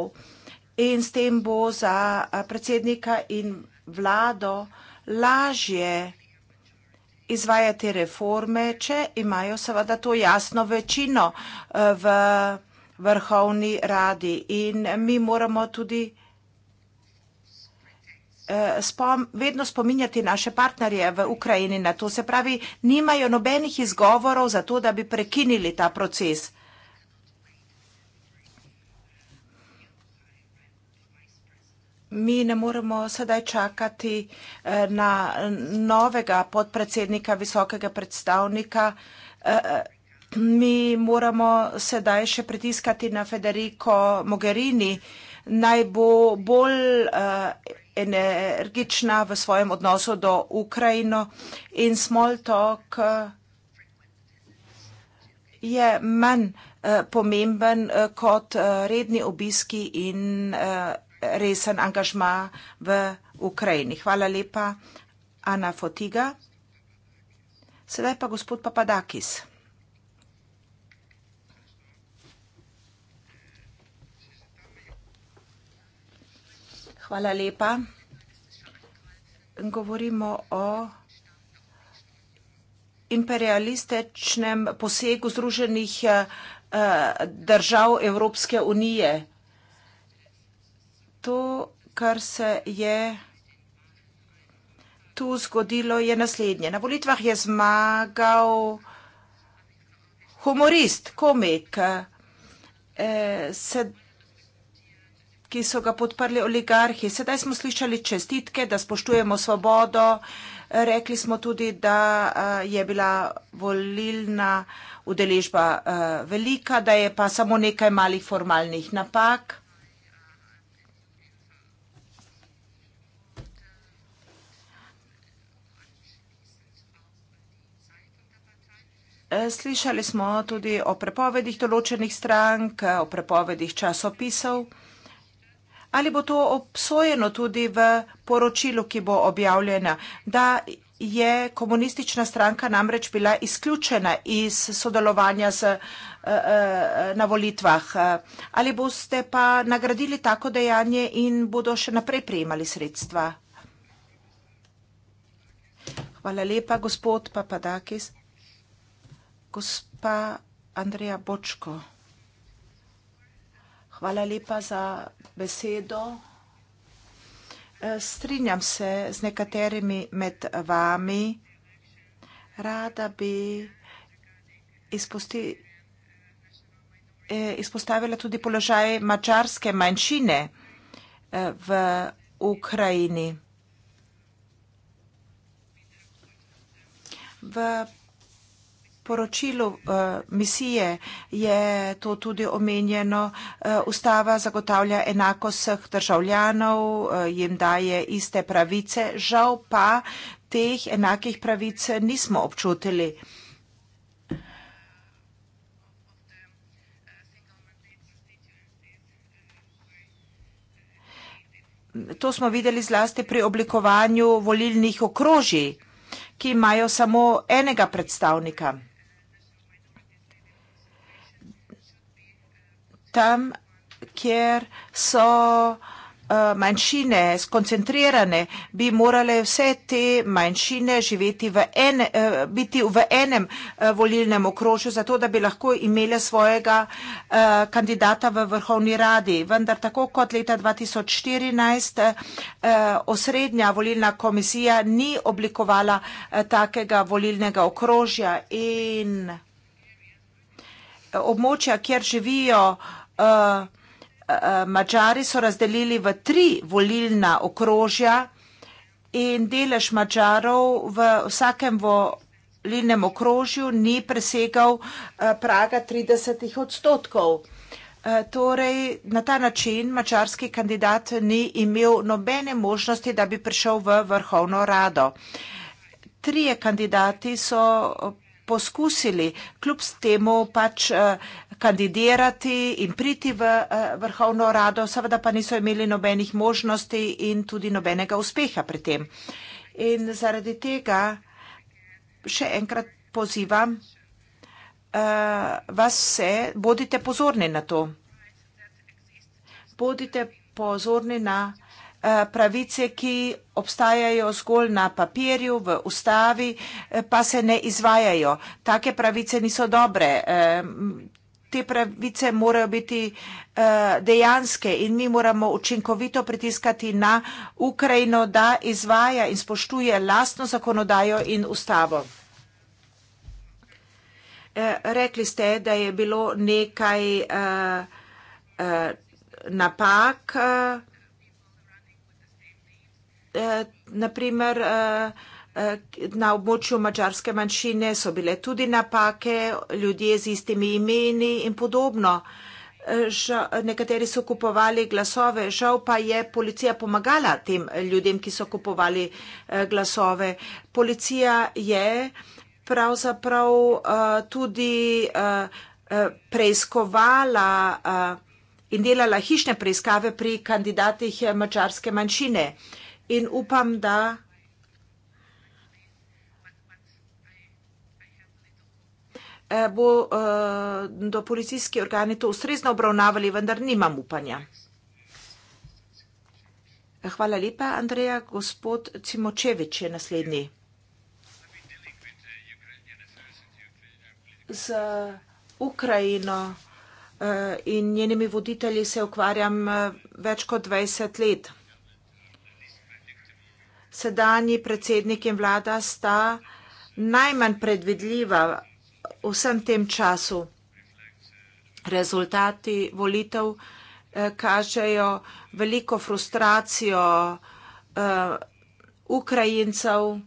in s tem bo za eh, predsednika in vlado lažje izvajati reforme, če imajo seveda to jasno večino v vrhovni radi in mi moramo tudi Eh, vedno spominjati naše partnerje v Ukrajini na to. Se pravi, nimajo nobenih izgovorov za to, da bi prekinili ta proces. Mi ne moremo sedaj čakati eh, na novega podpredsednika, visokega predstavnika. Eh, mi moramo sedaj še pritiskati na Federico Mogherini, naj bo bolj energična v svojem odnosu do Ukrajino in Smoltok eh, je manj eh, pomemben eh, kot redni obiski in resen angažma v Ukrajini. Hvala lepa, Ana Fotiga. Sedaj pa gospod Papadakis. Hvala lepa. Govorimo o imperialističnem posegu Združenih eh, držav Evropske unije. To, kar se je tu zgodilo, je naslednje. Na volitvah je zmagal humorist, komik. Eh, sedaj ki so ga podprli oligarhi. Sedaj smo slišali čestitke, da spoštujemo svobodo. Rekli smo tudi, da je bila volilna udeležba velika, da je pa samo nekaj malih formalnih napak. E, slišali smo tudi o prepovedih določenih strank, o prepovedih časopisov ali bo to obsojeno tudi v poročilu, ki bo objavljena, da je komunistična stranka namreč bila izključena iz sodelovanja z, eh, eh, na volitvah. Ali boste pa nagradili tako dejanje in bodo še naprej prejemali sredstva? Hvala lepa, gospod Papadakis. Gospa Andreja Bočko. Hvala lepa za besedo. E, strinjam se z nekaterimi med vami. Rada bi e, izpostavila tudi položaj mačarske manjšine e, v Ukrajini. V poročilu eh, misije je to tudi omenjeno. Eh, ustava zagotavlja enakost vseh državljanov, eh, jim daje iste pravice, žal pa teh enakih pravic nismo občutili. To smo videli zlasti pri oblikovanju volilnih okrožij, ki imajo samo enega predstavnika. tam, kjer so eh, manjšine skoncentrirane, bi morale vse te manjšine živeti v ene, eh, biti v enem eh, volilnem okrožju, zato da bi lahko imele svojega kandidata v vrhovni radi. Vendar tako kot leta 2014 osrednja volilna komisija ni oblikovala takega volilnega okrožja in območja, kjer živijo Uh, uh, Mačari so razdelili v tri volilna okrožja in delež Mačarov v vsakem volilnem okrožju ni presegal uh, praga 30 odstotkov. Torej, na ta način mačarski kandidat ni imel nobene možnosti, da bi prišel v vrhovno rado. Trije kandidati so poskusili, kljub temu pač kandidirati in priti v eh, vrhovno rado, seveda pa niso imeli nobenih možnosti in tudi nobenega uspeha pri tem. In zaradi tega še enkrat pozivam eh, vas vse, bodite pozorni na to. Bodite pozorni na eh, pravice, ki obstajajo zgolj na papirju, v ustavi, pa se ne izvajajo. Take pravice niso dobre te pravice morajo biti eh, dejanske in mi moramo učinkovito pritiskati na Ukrajino, da izvaja in spoštuje lastno zakonodajo in ustavo. Eh, rekli ste, da je bilo nekaj eh, napak, naprimer, da je bilo nekaj napak, Eh, na območju mačarske manjšine so bile tudi napake, ljudje z istimi imeni in podobno. Eh, nekateri so kupovali glasove, žal pa je policija pomagala tem ljudem, ki so kupovali eh, glasove. Policija je pravzaprav tudi preiskovala in delala hišne preiskave pri kandidatih mačarske manjšine. In upam, da. Eh, bodo eh, policijski organi to ustrezno obravnavali, vendar nimam upanja. Hvala lepa, Andreja. Gospod Cimočevič je naslednji. Z Ukrajino eh, in njenimi voditelji se ukvarjam več kot 20 let. Sedanji predsednik in vlada sta najmanj predvidljiva vlada vsem tem času. Rezultati volitev eh, kažejo veliko frustracijo eh, Ukrajincev,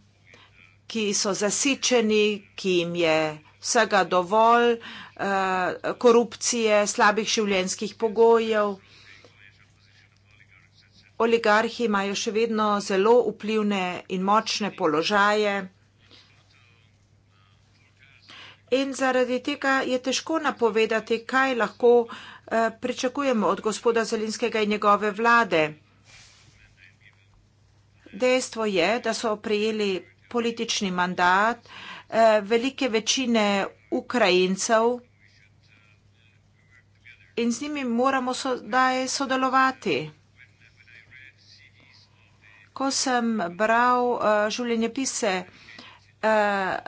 ki so zasičeni, ki jim je vsega dovolj, eh, korupcije, slabih življenjskih pogojev. Oligarhi imajo še vedno zelo vplivne in močne položaje. In zaradi tega je težko napovedati, kaj lahko eh, pričakujemo od gospoda Zelinskega in njegove vlade. Dejstvo je, da so prijeli politični mandat eh, velike večine Ukrajincev in z njimi moramo sodaj sodelovati. Ko sem bral eh, življenjepise Ukrajincev,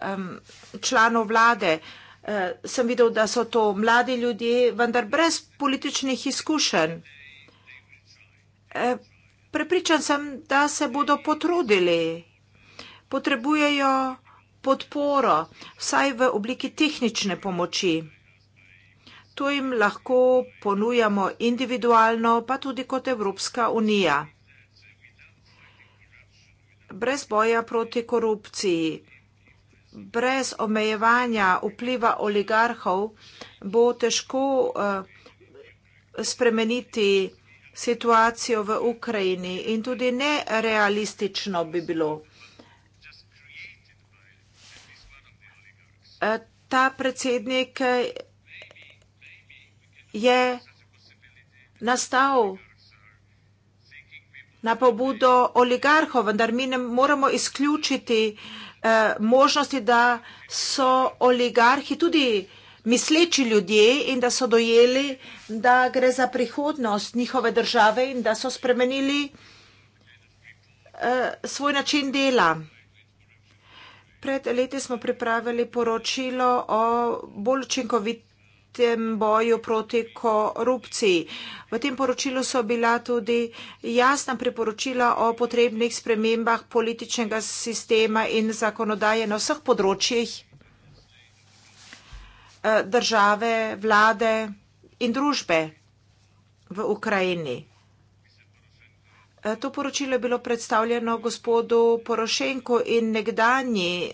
um, članov vlade. Uh, sem videl, da so to mladi ljudje, vendar brez političnih izkušenj. Eh, prepričan sem, da se bodo potrudili. Potrebujejo podporo, vsaj v obliki tehnične pomoči. To jim lahko ponujamo individualno, pa tudi kot Evropska unija. Brez boja proti korupciji brez omejevanja vpliva oligarhov bo težko eh, spremeniti situacijo v Ukrajini in tudi nerealistično bi bilo. Eh, ta predsednik eh, je nastal na pobudo oligarhov, vendar mi ne moramo izključiti oligarhov, Eh, možnosti, da so oligarhi tudi misleči ljudje in da so dojeli, da gre za prihodnost njihove države in da so spremenili eh, svoj način dela. Pred leti smo pripravili poročilo o bolj učinkovit tem boju proti korupciji. V tem poročilu so bila tudi jasna priporočila o potrebnih spremembah političnega sistema in zakonodaje na vseh področjih eh, države, vlade in družbe v Ukrajini. Eh, to poročilo je bilo predstavljeno gospodu Porošenku in nekdanji eh,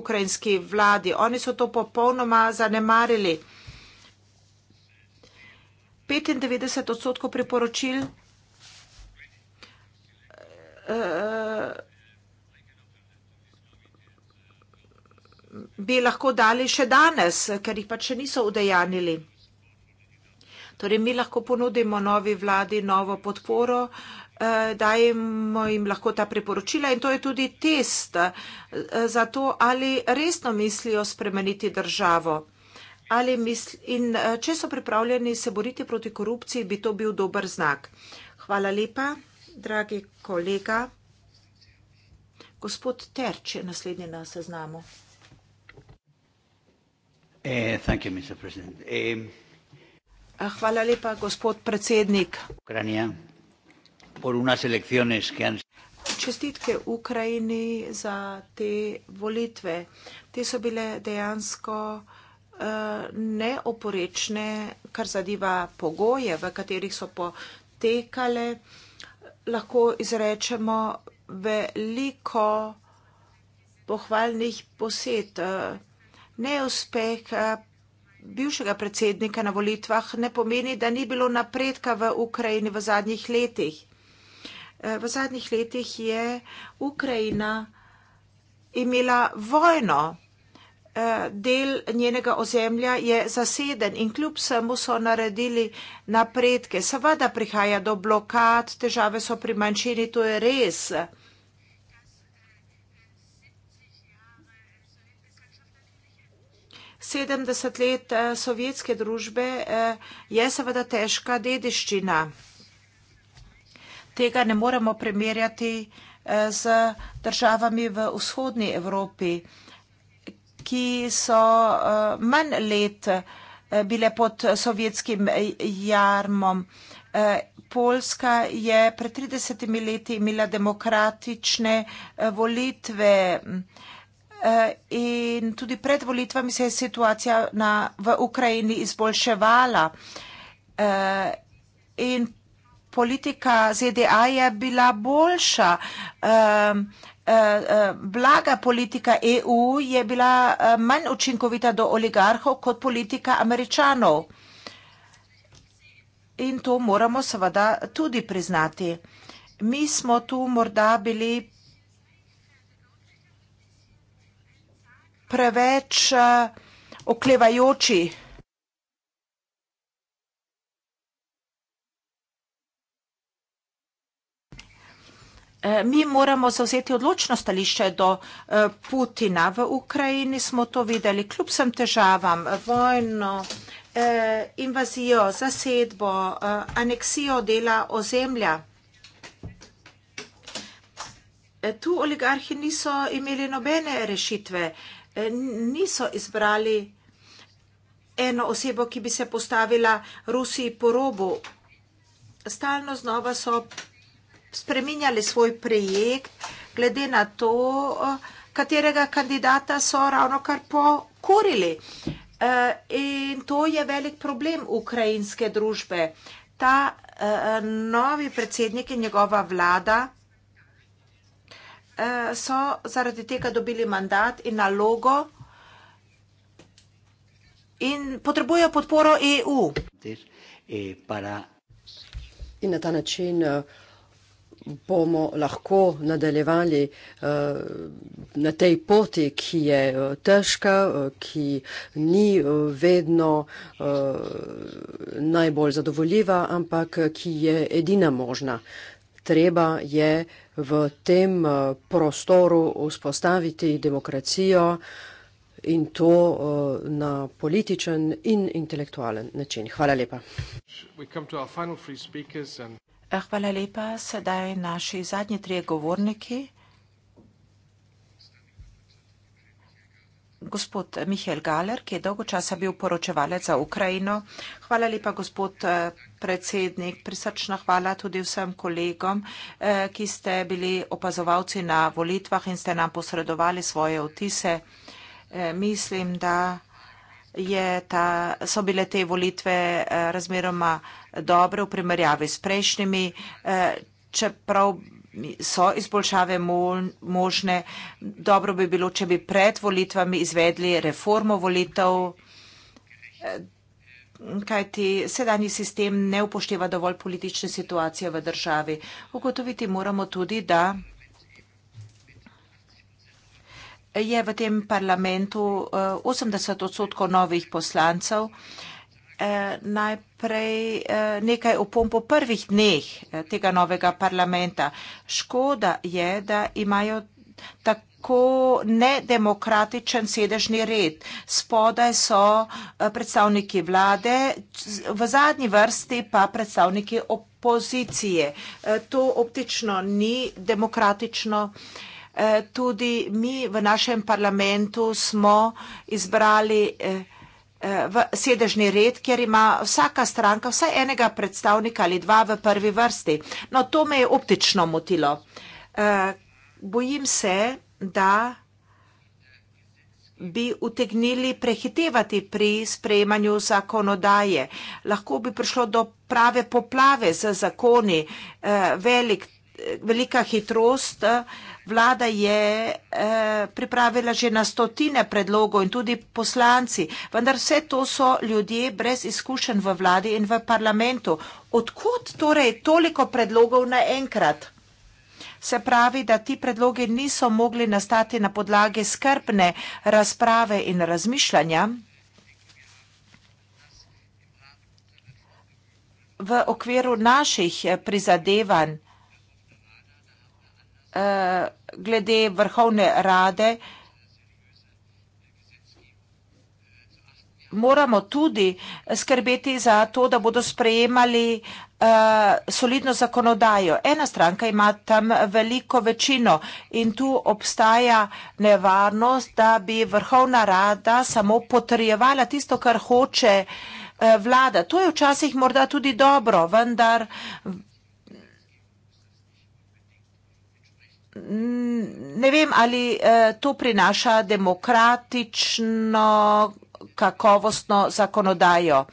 ukrajinski vladi. Oni so to popolnoma zanemarili. 95 odstotkov priporočil eh, bi lahko dali še danes, ker jih pa še niso udejanili. Torej, mi lahko ponudimo novi vladi novo podporo, eh, dajemo jim lahko ta priporočila in to je tudi test eh, za to, ali resno mislijo spremeniti državo. Ali misl, in eh, če so pripravljeni se boriti proti korupciji, bi to bil dober znak. Hvala lepa, dragi kolega. Gospod Terč je naslednji na seznamu. Eh, you, eh, Hvala lepa, gospod predsednik. Ukrajina, por unas elecciones que han... Čestitke Ukrajini za te volitve. Te so bile dejansko neoporečne, kar zadeva pogoje, v katerih so potekale, lahko izrečemo veliko pohvalnih posed. Neuspeh eh, bivšega predsednika na volitvah ne pomeni, da ni bilo napredka v Ukrajini v zadnjih letih. Eh, v zadnjih letih je Ukrajina imela vojno. Eh, del njenega ozemlja je zaseden in kljub vsemu so naredili napredke. Seveda prihaja do blokad, težave so pri manjšini, to je res. Sedemdeset let eh, sovjetske družbe eh, je seveda težka dediščina. Tega ne moremo primerjati z državami v vzhodni Evropi ki so eh, manj let eh, bile pod eh, sovjetskim jarmom. Poljska je pred 30 leti imela demokratične volitve in tudi pred volitvami se je situacija na, v Ukrajini izboljševala. In politika ZDA je bila boljša blaga eh, eh, politika EU je bila eh, manj učinkovita do oligarhov kot politika američanov. In to moramo seveda tudi priznati. Mi smo tu morda bili preveč oklevajoči, uh, Eh, mi moramo zauzeti odločno stališče do eh, Putina. V Ukrajini smo to videli kljub vsem težavam, vojno, eh, invazijo, zasedbo, aneksijo dela ozemlja. Tu oligarhi niso imeli nobene rešitve, niso izbrali eno osebo, ki bi se postavila Rusiji po robu. Stalno znova so spreminjali svoj projekt, glede na to, eh, katerega kandidata so ravno kar pokorili. Eh, in to je velik problem ukrajinske družbe. Ta eh, novi predsednik in njegova vlada so zaradi tega dobili mandat in nalogo in potrebujejo podporo EU. E, in na ta način bomo lahko nadaljevali uh, na tej poti, ki je uh, težka, uh, ki ni uh, vedno uh, najbolj zadovoljiva, ampak ki je edina možna. Treba je v tem uh, prostoru vzpostaviti demokracijo in to uh, na političen in intelektualen način. Hvala lepa. Eh, hvala lepa. Sedaj naši zadnji trije govorniki. Gospod Mihel Galer, ki je dolgo časa bil poročevalec za Ukrajino. Hvala lepa, gospod eh, predsednik. Prisrčna hvala tudi vsem kolegom, eh, ki ste bili opazovalci na volitvah in ste nam posredovali svoje vtise. Mislim, da je ta, so bile te volitve eh, razmeroma dobre v primerjavi s prejšnjimi, eh, čeprav so izboljšave možne. Dobro bi bilo, če bi pred volitvami izvedli reformo volitev, eh, kajti sedanji sistem ne upošteva dovolj politične situacije v državi. Ugotoviti moramo tudi, da je v tem parlamentu 80 eh, odstotkov novih poslancev. Eh, najprej eh, nekaj opom po prvih dneh tega novega parlamenta. Škoda je, da imajo tako nedemokratičen sedežni red. Spodaj so predstavniki vlade, v zadnji vrsti pa predstavniki opozicije. To optično ni demokratično. Eh, tudi mi v našem parlamentu smo izbrali eh, eh, v sedežni red, kjer ima vsaka stranka vsaj enega predstavnika ali dva v prvi vrsti. No, to me je optično motilo. Bojim se, da bi utegnili prehitevati pri sprejemanju zakonodaje. Lahko bi prišlo do prave poplave z zakoni, velik velika hitrost. Vlada je eh, pripravila že na stotine predlogov in tudi poslanci, vendar vse to so ljudje brez izkušenj v vladi in v parlamentu. Odkud torej toliko predlogov naenkrat? Se pravi, da ti predlogi niso mogli nastati na podlagi skrpne razprave in razmišljanja. V okviru naših prizadevanj Eh, glede vrhovne rade moramo tudi skrbeti za to, da bodo sprejemali eh, solidno zakonodajo. Ena stranka ima tam veliko večino in tu obstaja nevarnost, da bi vrhovna rada samo potrjevala tisto, kar hoče eh, vlada. To je včasih morda tudi dobro, vendar ne vem, ali eh, to prinaša demokratično, kakovostno zakonodajo.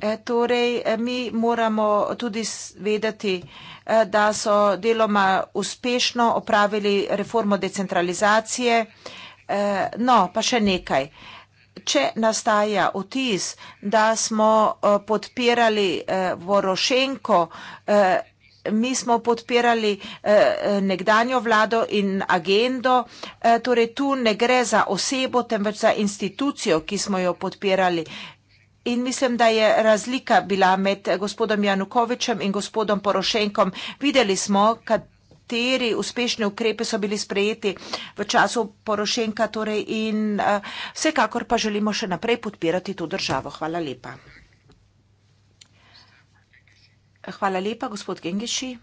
Eh, torej, eh, mi moramo tudi vedeti, da so deloma uspešno opravili reformo decentralizacije. No, pa še nekaj. Če nastaja vtis, da smo podpirali Vorošenko mi smo podpirali eh, nekdanjo vlado in agendo, eh, torej tu ne gre za osebo, temveč za institucijo, ki smo jo podpirali. In mislim, da je razlika bila med gospodom Janukovičem in gospodom Porošenkom. Videli smo, kateri uspešni ukrepi so bili sprejeti v času Porošenka torej in eh, vsekakor pa želimo še naprej podpirati to državo. Hvala lepa. Hvala lepa, gospod Gengeši.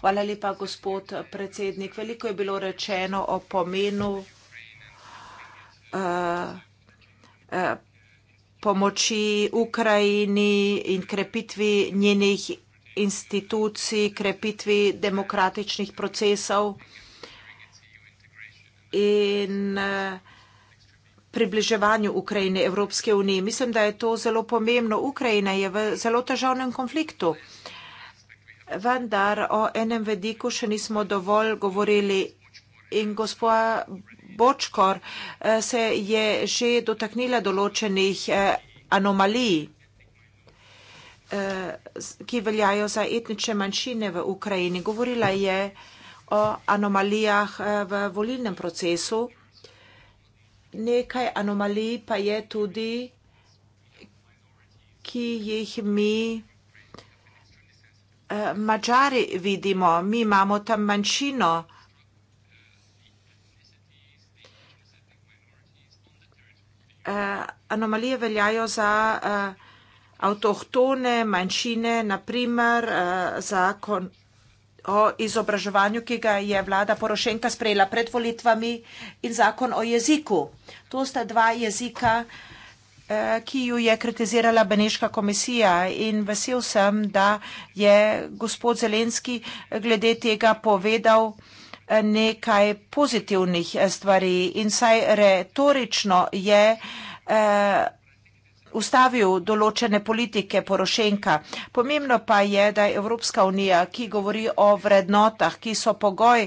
Hvala lepa, gospod predsednik. Veliko je bilo rečeno o pomenu uh, uh, pomoči Ukrajini in krepitvi njenih institucij, krepitvi demokratičnih procesov in uh, približevanju Ukrajine Evropske unije. Mislim, da je to zelo pomembno. Ukrajina je v zelo težavnem konfliktu. Vendar o enem vediku še nismo dovolj govorili in gospoda Bočkor eh, se je že dotaknila določenih eh, anomalij, eh, ki veljajo za etnične manjšine v Ukrajini. Govorila je o anomalijah v volilnem procesu. Nekaj anomalij pa je tudi, ki jih mi eh, Mačari vidimo. Mi imamo tam manjšino. Eh, anomalije veljajo za eh, avtohtone manjšine, naprimer za konflikte o izobraževanju, ki ga je vlada Porošenka sprejela pred volitvami in zakon o jeziku. To sta dva jezika, eh, ki ju je kritizirala Beneška komisija in vesel sem, da je gospod Zelenski glede tega povedal eh, nekaj pozitivnih eh, stvari in saj retorično je eh, ustavil določene politike Porošenka. Pomembno pa je, da je Evropska unija, ki govori o vrednotah, ki so pogoj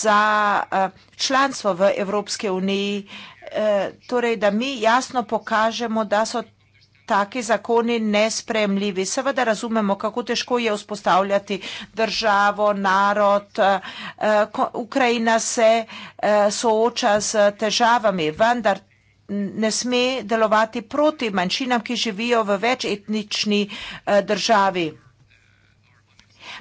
za eh, članstvo v Evropske uniji, eh, torej, da mi jasno pokažemo, da so taki zakoni nespremljivi. Seveda razumemo, kako težko je vzpostavljati državo, narod. Eh, Ukrajina se sooča z težavami, vendar ne sme delovati proti manjšinam, ki živijo v večetnični eh, državi.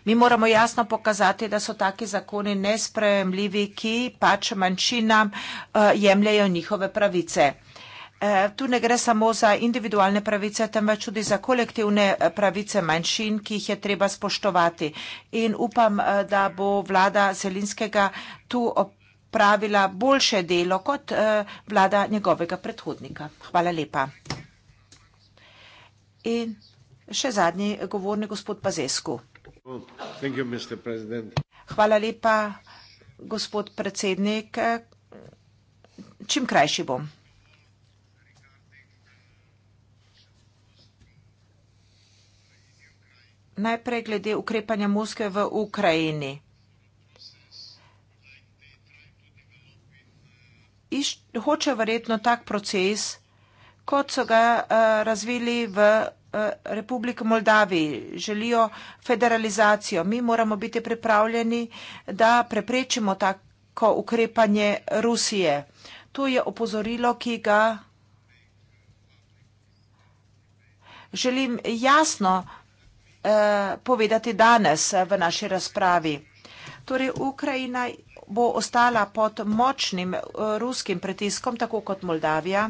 Mi moramo jasno pokazati, da so taki zakoni nesprejemljivi, ki pač manjšinam eh, jemljajo njihove pravice. Eh, tu ne gre samo za individualne pravice, temveč tudi za kolektivne pravice manjšin, ki jih je treba spoštovati. In upam, da bo vlada Zelinskega tu opravljala opravila boljše delo kot eh, vlada njegovega predhodnika. Hvala lepa. In še zadnji govorni gospod Pazesku. Oh, Hvala lepa, gospod predsednik. Čim krajši bom. Najprej glede ukrepanja Moskve v Ukrajini. iš, hoče verjetno tak proces, kot so ga uh, razvili v uh, Republiki Moldaviji. Želijo federalizacijo. Mi moramo biti pripravljeni, da preprečimo tako ukrepanje Rusije. To je opozorilo, ki ga želim jasno uh, povedati danes v naši razpravi. Torej, Ukrajina bo ostala pod močnim eh, ruskim pritiskom, tako kot Moldavija.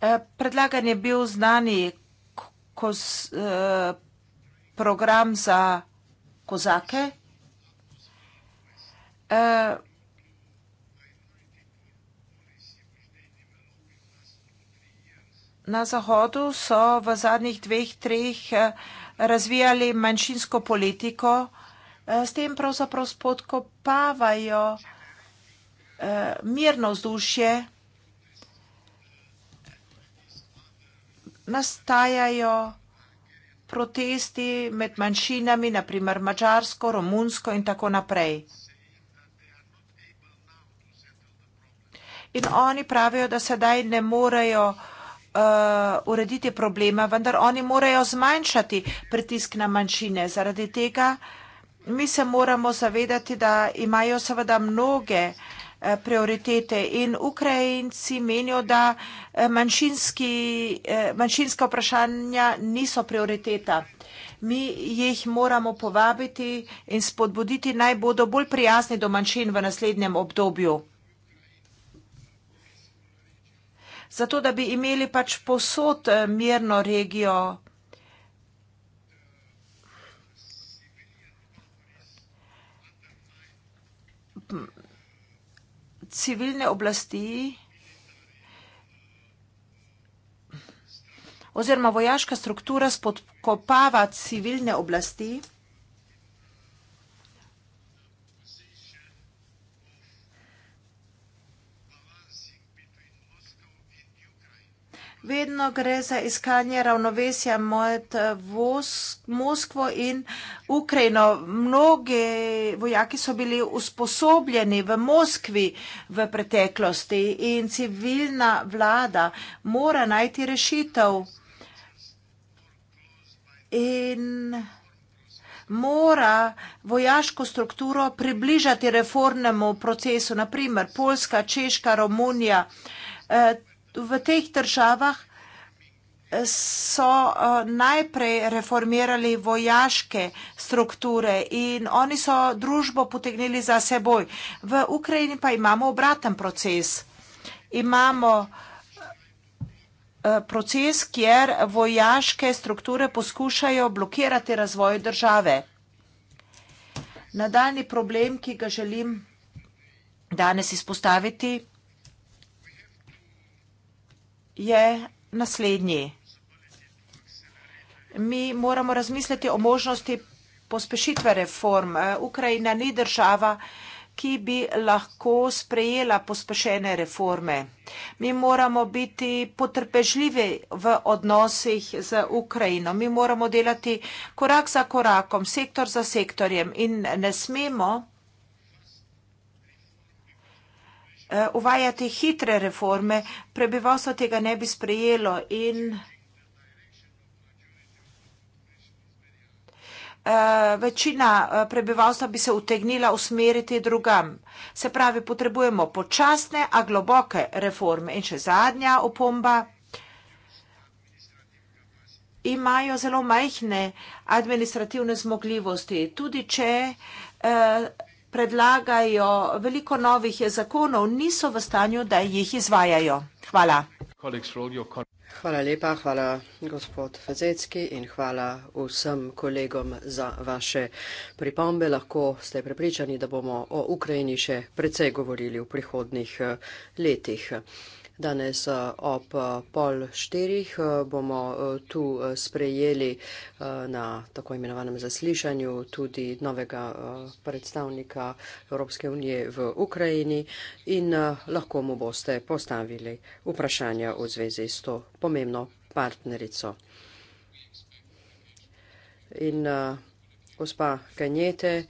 Eh, predlagan je bil znani eh, program za kozake. na Zahodu so v zadnjih dveh, treh eh, razvijali manjšinsko politiko, eh, s tem pravzaprav spodkopavajo eh, mirno vzdušje, nastajajo protesti med manjšinami, naprimer mačarsko, romunsko in tako naprej. In oni pravijo, da sedaj ne morejo vzdušiti, uh, urediti problema, vendar oni morajo zmanjšati pritisk na manjšine. Zaradi tega mi se moramo zavedati, da imajo seveda mnoge eh, prioritete in Ukrajinci menijo, da eh, manjšinska vprašanja niso prioriteta. Mi jih moramo povabiti in spodbuditi, naj bodo bolj prijazni do manjšin v naslednjem obdobju. zato da bi imeli pač posod eh, mirno regijo. civilne oblasti oziroma vojaška struktura spodkopava civilne oblasti. vedno gre za iskanje ravnovesja med eh, Moskvo in Ukrajino. Mnogi vojaki so bili usposobljeni v Moskvi v preteklosti in civilna vlada mora najti rešitev in mora vojaško strukturo približati reformnemu procesu, naprimer Poljska, Češka, Romunija. Eh, v teh državah eh, so eh, najprej reformirali vojaške strukture in oni so družbo potegnili za seboj. V Ukrajini pa imamo obraten proces. Imamo eh, proces, kjer vojaške strukture poskušajo blokirati razvoj države. Nadaljni problem, ki ga želim danes izpostaviti, je, je naslednji. Mi moramo razmisliti o možnosti pospešitve reform. Ukrajina ni država, ki bi lahko sprejela pospešene reforme. Mi moramo biti potrpežljivi v odnosih z Ukrajino. Mi moramo delati korak za korakom, sektor za sektorjem in ne smemo Eh, uvajati hitre reforme, prebivalstvo tega ne bi sprejelo in eh, večina eh, prebivalstva bi se utegnila usmeriti drugam. Se pravi, potrebujemo počasne, a globoke reforme. In še zadnja opomba, imajo zelo majhne administrativne zmogljivosti. Tudi če predlagajo veliko novih zakonov, niso v stanju, da jih izvajajo. Hvala. Hvala lepa, hvala gospod Fazecki in hvala vsem kolegom za vaše pripombe. Lahko ste pripričani, da bomo o Ukrajini še precej govorili v prihodnih eh, letih. Danes eh, ob eh, pol štirih eh, bomo tu sprejeli na tako imenovanem zaslišanju tudi novega predstavnika Evropske unije v Ukrajini in lahko mu boste postavili vprašanja v zvezi s to pomembno partnerico. In gospa Kanjete,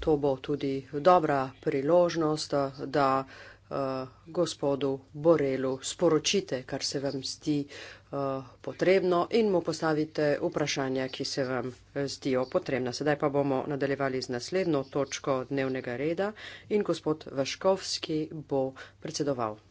to bo tudi dobra priložnost, da vprašanje uh, gospodu Borelu sporočite, kar se vam zdi uh, potrebno in mu postavite vprašanja, ki se vam eh, zdijo potrebna. Sedaj pa bomo nadaljevali z naslednjo točko dnevnega reda in gospod Vaškovski bo predsedoval.